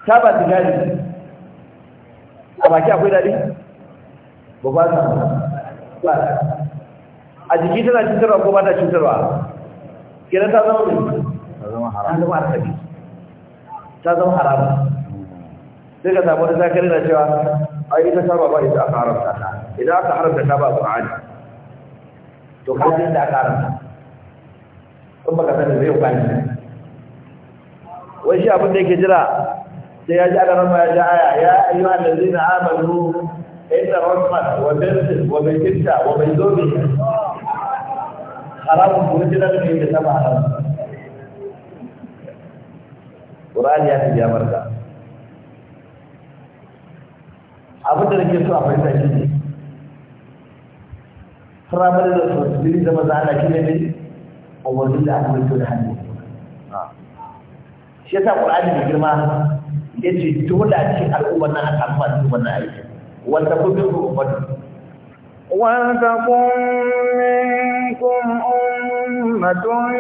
[SPEAKER 2] ta ba ta gani a baki akwai daɗi ba ba ta ba a jiki tana cutarwa ko ba ta cutarwa kira ta zama mai ta zama haram ta zama haram sai ka samu da zakari na cewa a ita ta ba ba ita aka haramta ta idan aka haramta ta ba qur'ani to ne da aka haramta in baka sani zai kwani wai shi abin da yake jira sai ya ji aka rama ya ji aya ya ayyu na amanu inna rahmat wa bantin wa bantinta wa zobe. haramun kuma ji daga ne da sama haram Qur'ani ya tafiya barka abin da nake so a fahimta shi ne firamare da sosai zama za a shi ne ne a wani da aka mutu da hannu shi sa ƙur'ani da girma yace dole ce al'umma na al'umma su mana na aiki wanda kun bin kuma
[SPEAKER 1] wanda kun minkum ummatun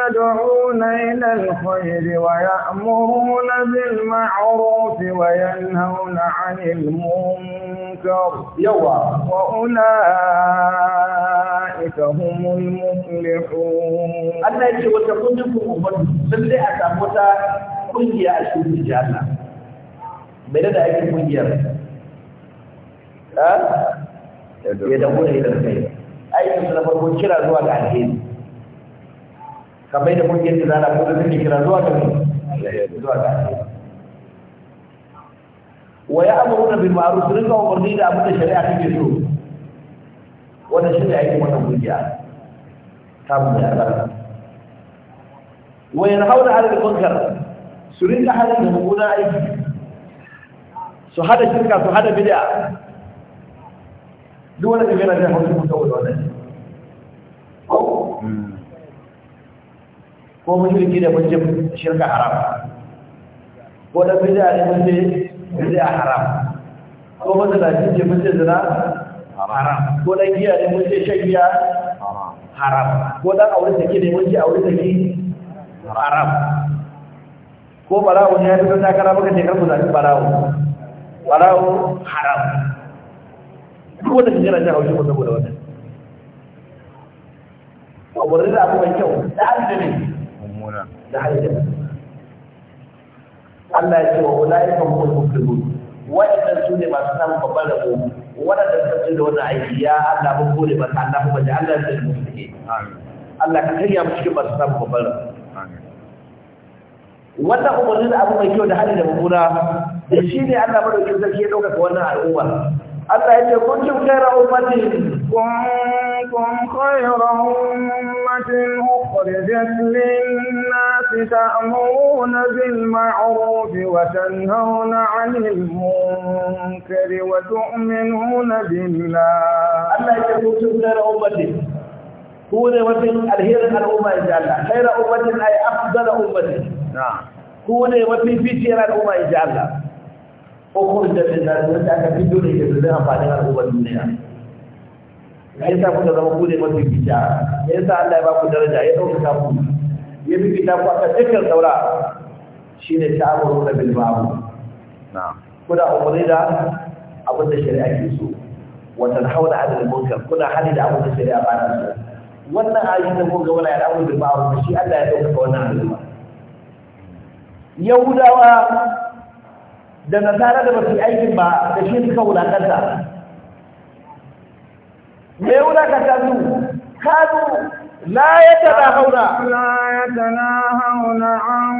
[SPEAKER 1] yad'una ila al-khayr wa ya'muruna bil ma'ruf wa yanhauna 'anil munkar yawa wa ulaika humul muflihun Allah ya wata wanda kun
[SPEAKER 2] ummatun sun dai a samu ta
[SPEAKER 1] kungiya a cikin jihar mai
[SPEAKER 2] da aikin kungiyar ha eh? ya da kuma idan kai aikin su na farko kira zuwa ga alheri kamar da kungiyar da zana ko da kira zuwa ga zuwa ga alheri wa ya'muruna bil ma'ruf rinka umarni da abin da shari'a take so wannan shi ne aikin wannan kungiya ta mu da Allah wa yanhauna 'ala al-munkar su rinka hana da mugunan aiki su hada shirka su hada bid'a duk wani da yana da hausa mun saboda wannan ko shirki da mun ce shirka haram ko da bid'a ne mun ce bid'a haram ko mun da ce mun ce zina haram ko da giya ne mun ce shan haram ko dan aure take ne mun ce aure take haram ko barawo ne ya fito takara baka ce karku zaɓi barawo walau haram duk wanda kaje da haushi ko saboda wannan a wurin da abu mai kyau da aljini mummuna da aljini Allah ya ce wa ulai kan kun mukrimun wa'annan su ne masu samun babban rabo waɗanda suka fi da wannan aiki ya Allah mun gode masa Allah kuma da Allah ya ce mu suke Allah ka karya mu cikin masu samun babban rabo wannan umarni da abu mai kyau da hali da mummuna da shi ne Allah madaukin sarki ya ɗaukaka wannan al'umma Allah ya ce kuntum khayra ummatin
[SPEAKER 1] kuntum khayra ummatin ukhrijat lin-nas ta'muruna bil ma'ruf wa tanhauna 'anil munkar wa tu'minuna billah Allah ya ce kuntum khayra ummatin هو وفين الهير الأمة إن شاء الله خير
[SPEAKER 2] أمة أي أفضل أمة نعم هو وفين في سير الأمة إن شاء الله ukun da bin nasu wanda aka fi dole da zai amfani al'ummar duniya Ya yasa kuka zama ku ne mafi fita yi sa Allah ya ba ku daraja ya ta ku ya fi fita ku aka dukkan saura shine ta'amuru da bil ma'ruf kuna umarni da abin da shari'a ke so wa tanhauna 'anil munkar kuna hali da abin da shari'a ba ta so wannan ayoyin da kun ga wani ya amuru bil shi Allah ya ɗaukaka wannan ba Yahudawa da nasara da basu aikin ba da shi suka wulakanta me
[SPEAKER 1] wulakanta su kanu la yatanahuna la yatanahuna an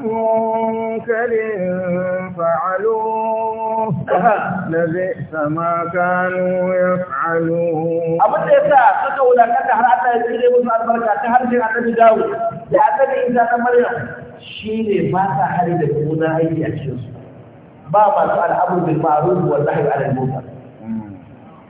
[SPEAKER 1] munkarin fa'aluhu لبئس ما كانوا يفعلون أبو تيسا تقول لك أنها حتى يسيري بسم البركة تهل في عدد داود لأنني
[SPEAKER 2] إذا تمرنا شيري ما تحري لكونا أي أشياء بابا على الامر بالمعروف والنهي عن المنكر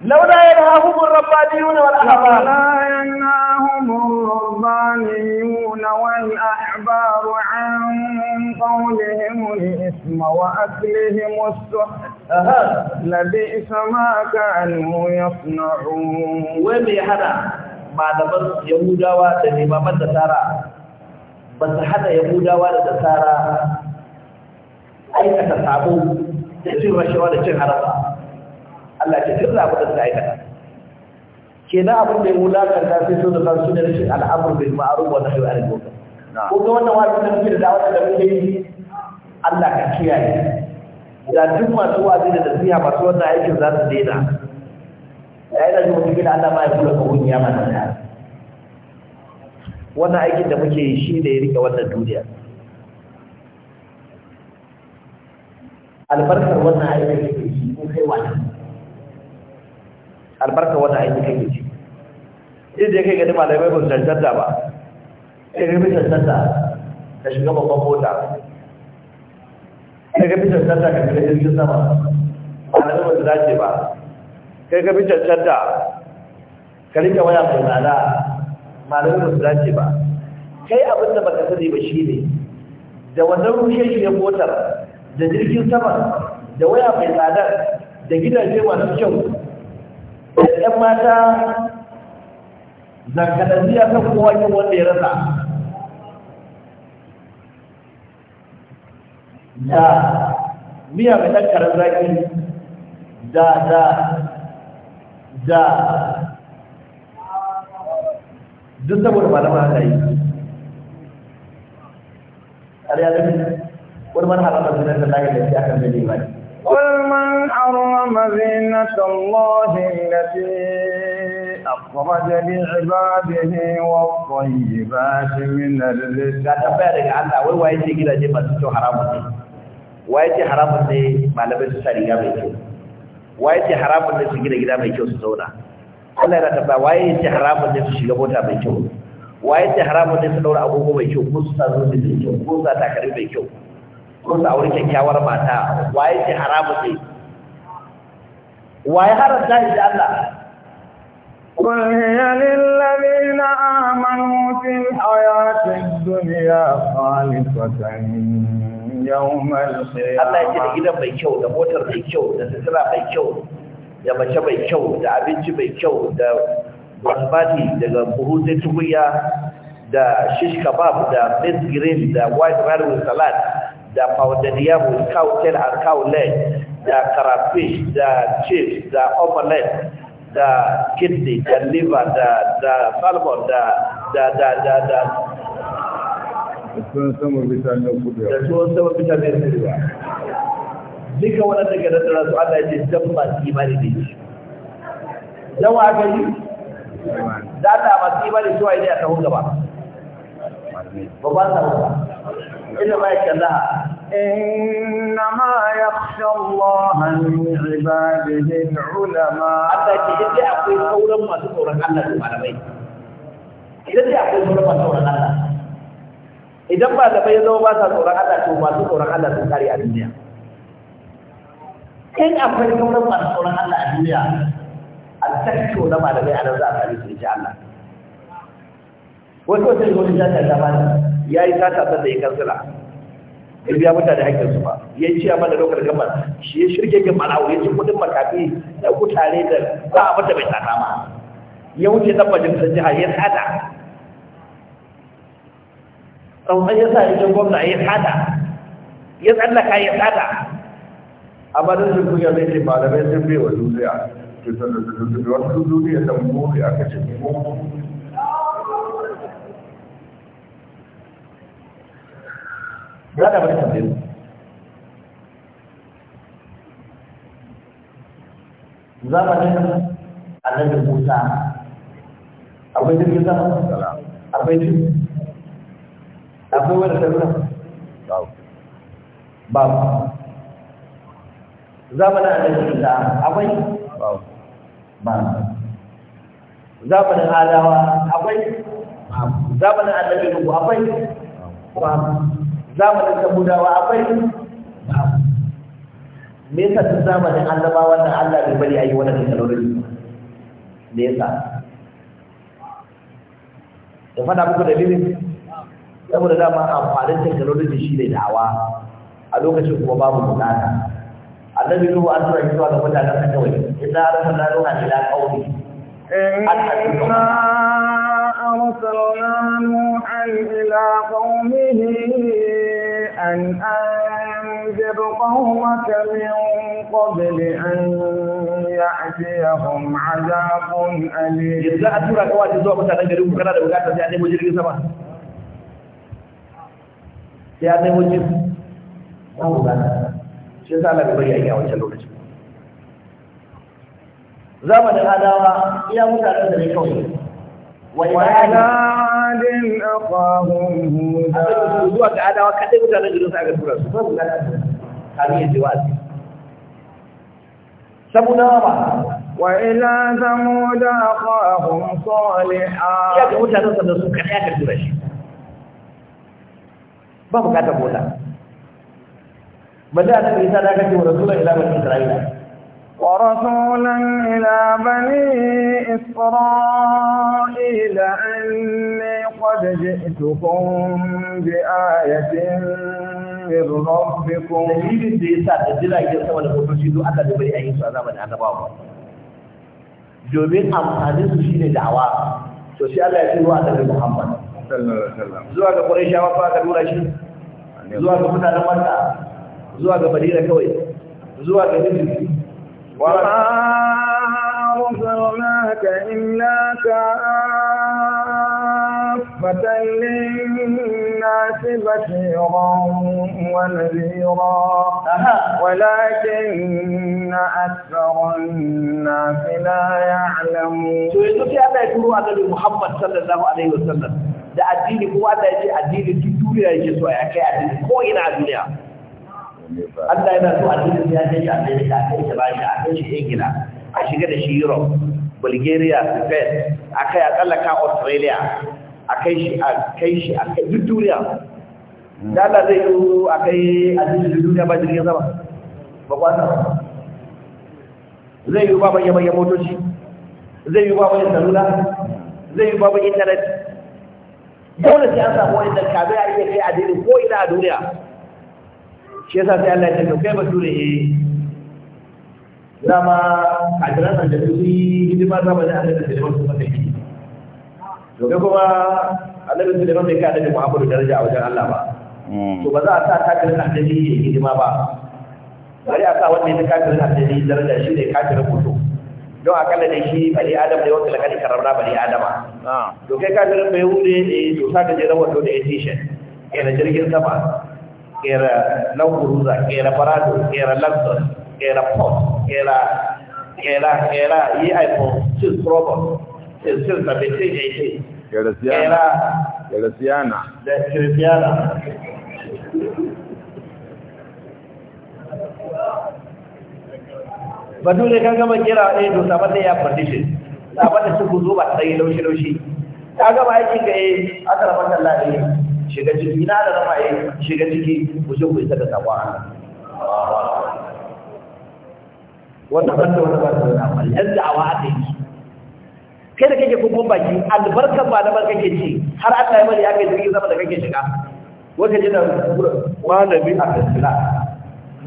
[SPEAKER 2] لولا ينهاهم الربانيون والاحبار لا
[SPEAKER 1] ينهاهم الربانيون والاحبار عن قولهم الاثم واكلهم السحر أها. لبئس ما كانوا يصنعون وين يا هذا ما دبر يهودا ما من تسارى
[SPEAKER 2] بس هذا يهودا وتسارى aikata sabo da cin rashawa da cin harafa Allah ce duk abu da suka aikata na abin da ya ta sai so da kansu da rashin al'amur bai ma'aru ba na anil munkar ko ga wannan wajen da muke da da'awar da muke yi Allah ka kiyaye da duk masu wa'azi da nasiha masu wannan aikin za su daina yana yi mutum bin Allah ma ya kula ka wuni ya mana wannan aikin da muke yi shi ne ya rike wannan duniya albarkar wannan aiki kake ji ko kai wani albarkar wannan aiki kake ji sai da kai ga malamai ba su cancanta ba sai ga cancanta ka shiga babban mota kai ga cancanta ka shiga jirgin sama malamai ba su dace ba kai ga cancanta ka rike waya mai nada malamai ba su dace ba kai abin da baka sani ba shine da wannan rushe shi ne motar da jirgin sama da waya mai tsadar da gidaje masu kyau da 'yan mata zankadanniya kan kowa yin wanda ya rasa da miya mai ɗankarar zaki da da da duk saboda malama haka yi ƙarya da ومن حرم زينة الله التي أكل بالإيمان
[SPEAKER 1] من حرم زينة الله التي أخرج لعباده والطيبات من الرزق
[SPEAKER 2] هذا فارق عنه أول وايتي كده جيب أسيتو حرام دي وايتي حرام دي ما لبس سريعة بيكو وايتي حرام دي سيكي لكي دام يكو سسونا قل ko su auri kyakkyawar mata waye ce haramu ce waye haramta shi da Allah
[SPEAKER 1] قل هي للذين آمنوا في الحياة الدنيا خالصة يوم القيامة الله يجد إذا بيكو ده
[SPEAKER 2] موتر بيكو ده سترة بيكو da mace mai kyau da abinci mai kyau da basmati daga buhu sai da shish kabab, da mint green da white rice with salad da pounded yam cow tail and cow leg the crayfish the chips the omelette the kidney the liver the the salmon the the the the,
[SPEAKER 1] the sun samar bitamin kudu da
[SPEAKER 2] sun samar bitamin kudu duka waɗanda ga tattara su Allah ya ce imani da shi dan wa da Allah masu imani su wa ne a tahun ba ba sa
[SPEAKER 1] ba inna ma yakhsha Allah inna ma yakhsha Allah min ibadihi ulama hatta ki yaji akwai sauran masu
[SPEAKER 2] tsoron Allah da malamai idan ya akwai sauran masu tsoron Allah idan ba da bai zama ba sa tsoron Allah to masu tsoron Allah sun kare a duniya in akwai sauran masu tsoron Allah a duniya a tatto na malamai a nan za a kare su insha Allah wani sai wani shata ta bada ya yi sata san da yakan kansila ya biya mutane hakkin su ba ya ci amma da lokacin gamar shi ya shirke kin malawo ya ci kudin makafi da kutare da ba a mata bai sata ma ya wuce dan majalisar jiha ya tsada. tsawon ya sa idan gwamna ya tsada. ya tsallaka ya tsada. a da shi kuya zai ce malamai sun bai wa duniya cutar da duniya wasu duniya ta mu ne aka ce mu za ta bari tambaye zamanin annabi Musa akwai jirgin sama akwai jirgin akwai wani tarunan babu zamanin annabi Isa akwai Ba. babu zamanin adawa akwai zamanin annabi Nuhu akwai Ba. zamanin samudawa akwai babu me yasa tun zamanin annaba wannan Allah bai bari ayi wannan kalolin me yasa da fada muku dalilin saboda dama da technology shi ne dawa a lokacin kuma babu bukata annabi nuhu an tura zuwa ga mutanen kawai idan arsalna nuha ila an
[SPEAKER 1] hadu أرسلنا نوحا إلى قومه أن أنذر قومك من قبل أن يأتيهم عذاب أليم. إذا أتورك وقت زوجك أن يجري مكانا لبقاتا يعني مجري سبا.
[SPEAKER 2] Ya nemo jin, za mu gana, shi sa Allah bai bari aiki a wancan lokacin. Zamanin adawa iya mutanen da ne kawai
[SPEAKER 1] وإلى عاد أخاهم zuwa ga adawa kadai mutanen sa tura su ba guda kamin ya jawabi saboda ba wa ila ya ga mutanen sa da su shi
[SPEAKER 2] ba da isa da wa rasulullahi ila bani isra'ila
[SPEAKER 1] ورسولا إلى بني إسرائيل أني قد جئتكم بآية من ربكم
[SPEAKER 2] domin amfanin su shine dawa to shi Allah ya turo da Muhammad sallallahu alaihi wasallam zuwa ga Quraishawa fa ka dora shi zuwa ga mutanen Makka zuwa ga Madina kawai zuwa ga Hijri
[SPEAKER 1] وما أرسلناك إلا كافة للناس بشيرا ونذيرا ولكن أكثر الناس لا يعلمون. محمد صلى الله عليه وسلم da addini kuma Allah ya ce addini duk duniya
[SPEAKER 2] yake so ya kai addini ko ina a duniya
[SPEAKER 3] Allah yana so a duk ya kai
[SPEAKER 2] America a kai shi bashi a kai shi Ingila a shiga da shi Europe Bulgaria Spain a kai a ka Australia a kai shi a kai shi a kai duk duniya da Allah zai yi a kai a cikin duniya ba jirgin sama ba kwata zai yi ba manyan manyan motoci zai yi ba manyan salula zai yi ba manyan internet dole sai an samu wani da kabe a iya kai a jirgin ko ina a duniya shi yasa sai Allah ya ce kai bature eh dama a jiranan da su yi hidima zama da annabi Suleiman su mata yi to kai kuma da Suleiman bai ka annabi Muhammadu daraja a wajen Allah ba hmm. to ba za a sa kafirin annabi ya hidima ba bari a sa wanda ya kafirin annabi daraja shi ne kafin mutum don akalla da shi bari adam da wata lakani karamna bani adama ah. to kai kafirin bai wuce to sa ka je rawar da ya tishin yana jirgin sama kera languruza kera parado kera london kera pop kera kera kera yi iphone sis robot sis sis da bete ya ite kera siyana
[SPEAKER 1] kera siyana
[SPEAKER 2] kera siyana ba dole kan gama kera ɗaya eh, dosa to sabar da ya partition ba ta su guzo ba ta yi laushi laushi ta gama aiki ga yi, eh, aka rabar da shiga ciki na da yi eh, shiga ciki ku je ku isa da sakon Allah wanda banda wani ba ta wani amal yan da'awa ta yi kai da kake kuma baki albarkar ba na barka ke ce har ta yi bari aka yi jirgin sama da kake shiga wata jina malami a kasira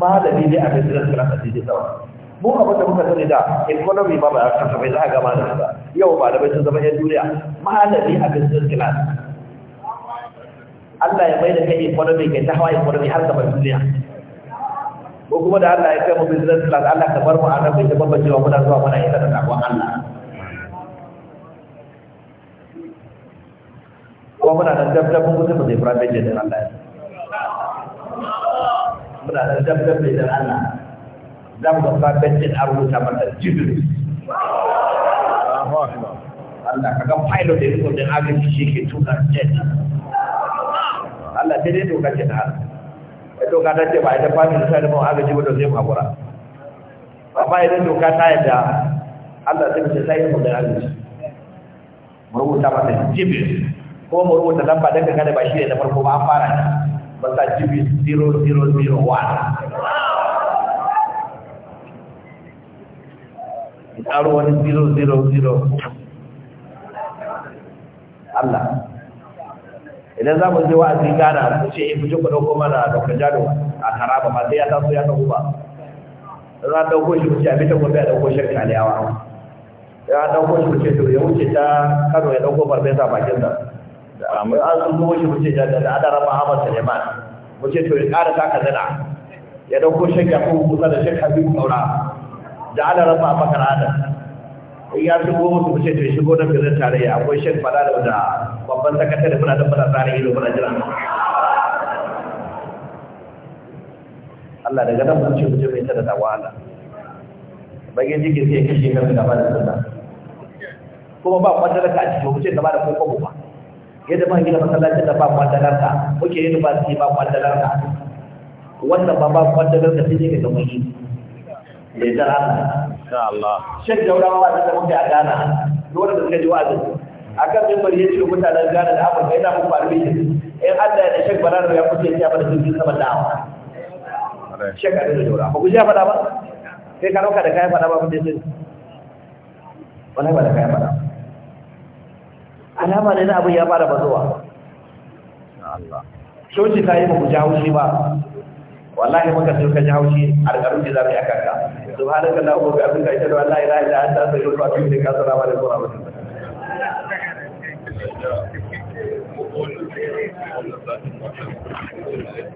[SPEAKER 2] malami ne a kasila sura ta jirgin sama mu abin da muka sani da economy ba ba ya kasa bai za a gama da ba yau ba da bai sun zama yan duniya malami a kasira sura Allah ya mai da kai economy kai ta hawa economy har ka duniya ko kuma da Allah ya kai mu business class Allah ka bar mu a nan bai ta babbace muna zuwa muna yin sadaka Allah ko muna nan dab dab mun mutum zai private jet din Allah muna nan dab dab da Allah za mu ga private a rubuta mata Allah kaga pilot da da agaji shi ke tuka jet Allah sai dai doka ce ta hana ya doka ta ce ba ita famin sai da aka ji wato sai mu hakura amma idan doka ta yadda Allah sai ce sai mu da agaji mu rubuta ta jibi ko mu rubuta lamba da kaga da ba shi ne na farko ba an fara ne ba ta jibi 0001 Aro wani zero zero zero Allah idan za mu je wa'azi gana mu ce in fito kudin ɗauko mana da jado a karaba ba sai ya taso ya taho ba za a ɗauko shi wuce a bita gobe a ɗauko shi kaliyawa ya ɗauko shi wuce to ya wuce ta kano ya ɗauko sa bakin sa amma an sun zo shi wuce da da adara Muhammad Suleiman wuce to ya kara ta zina ya ɗauko shi ya ko kusa da shi Habibu Kaura da adara ba bakar adara ya shigo musu kuce to shigo na birnin tarayya akwai shan fada da babban sakatare muna da fada tsari ido muna jira Allah daga nan mun ce mu mai tada da wahala bagin jikin sai kashe kan gaba da sunna kuma ba kwandalarka a cikin mu ce gaba da koko ba yadda ba gina masallacin da ba da, ka muke yin ba su da ka wannan ba ba kwandalarka sai ne ga gamuyi da ya jara insha Allah shek daura ba ta muke a Ghana dole da suka ji wa'azi akan mimbar ya ce mutanen Ghana da Afirka yana muku albishi in Allah ya da shek Barano ya kuce ya bada jirgin sama da awa shek a da daura ba ku ji faɗa ba sai ka dauka da kayan fada ba mun dai wani ba da kayan fada. alama ne na abin ya fara bazowa Allah shoci ta yi ba ku jawo shi ba wallahi maka sun ka ji haushi alƙarun da ka yi a kaka subhanaka allahumma wa bihamdika ashhadu an la ilaha illa anta astaghfiruka wa atubu ilayk assalamu alaikum
[SPEAKER 3] wa rahmatullahi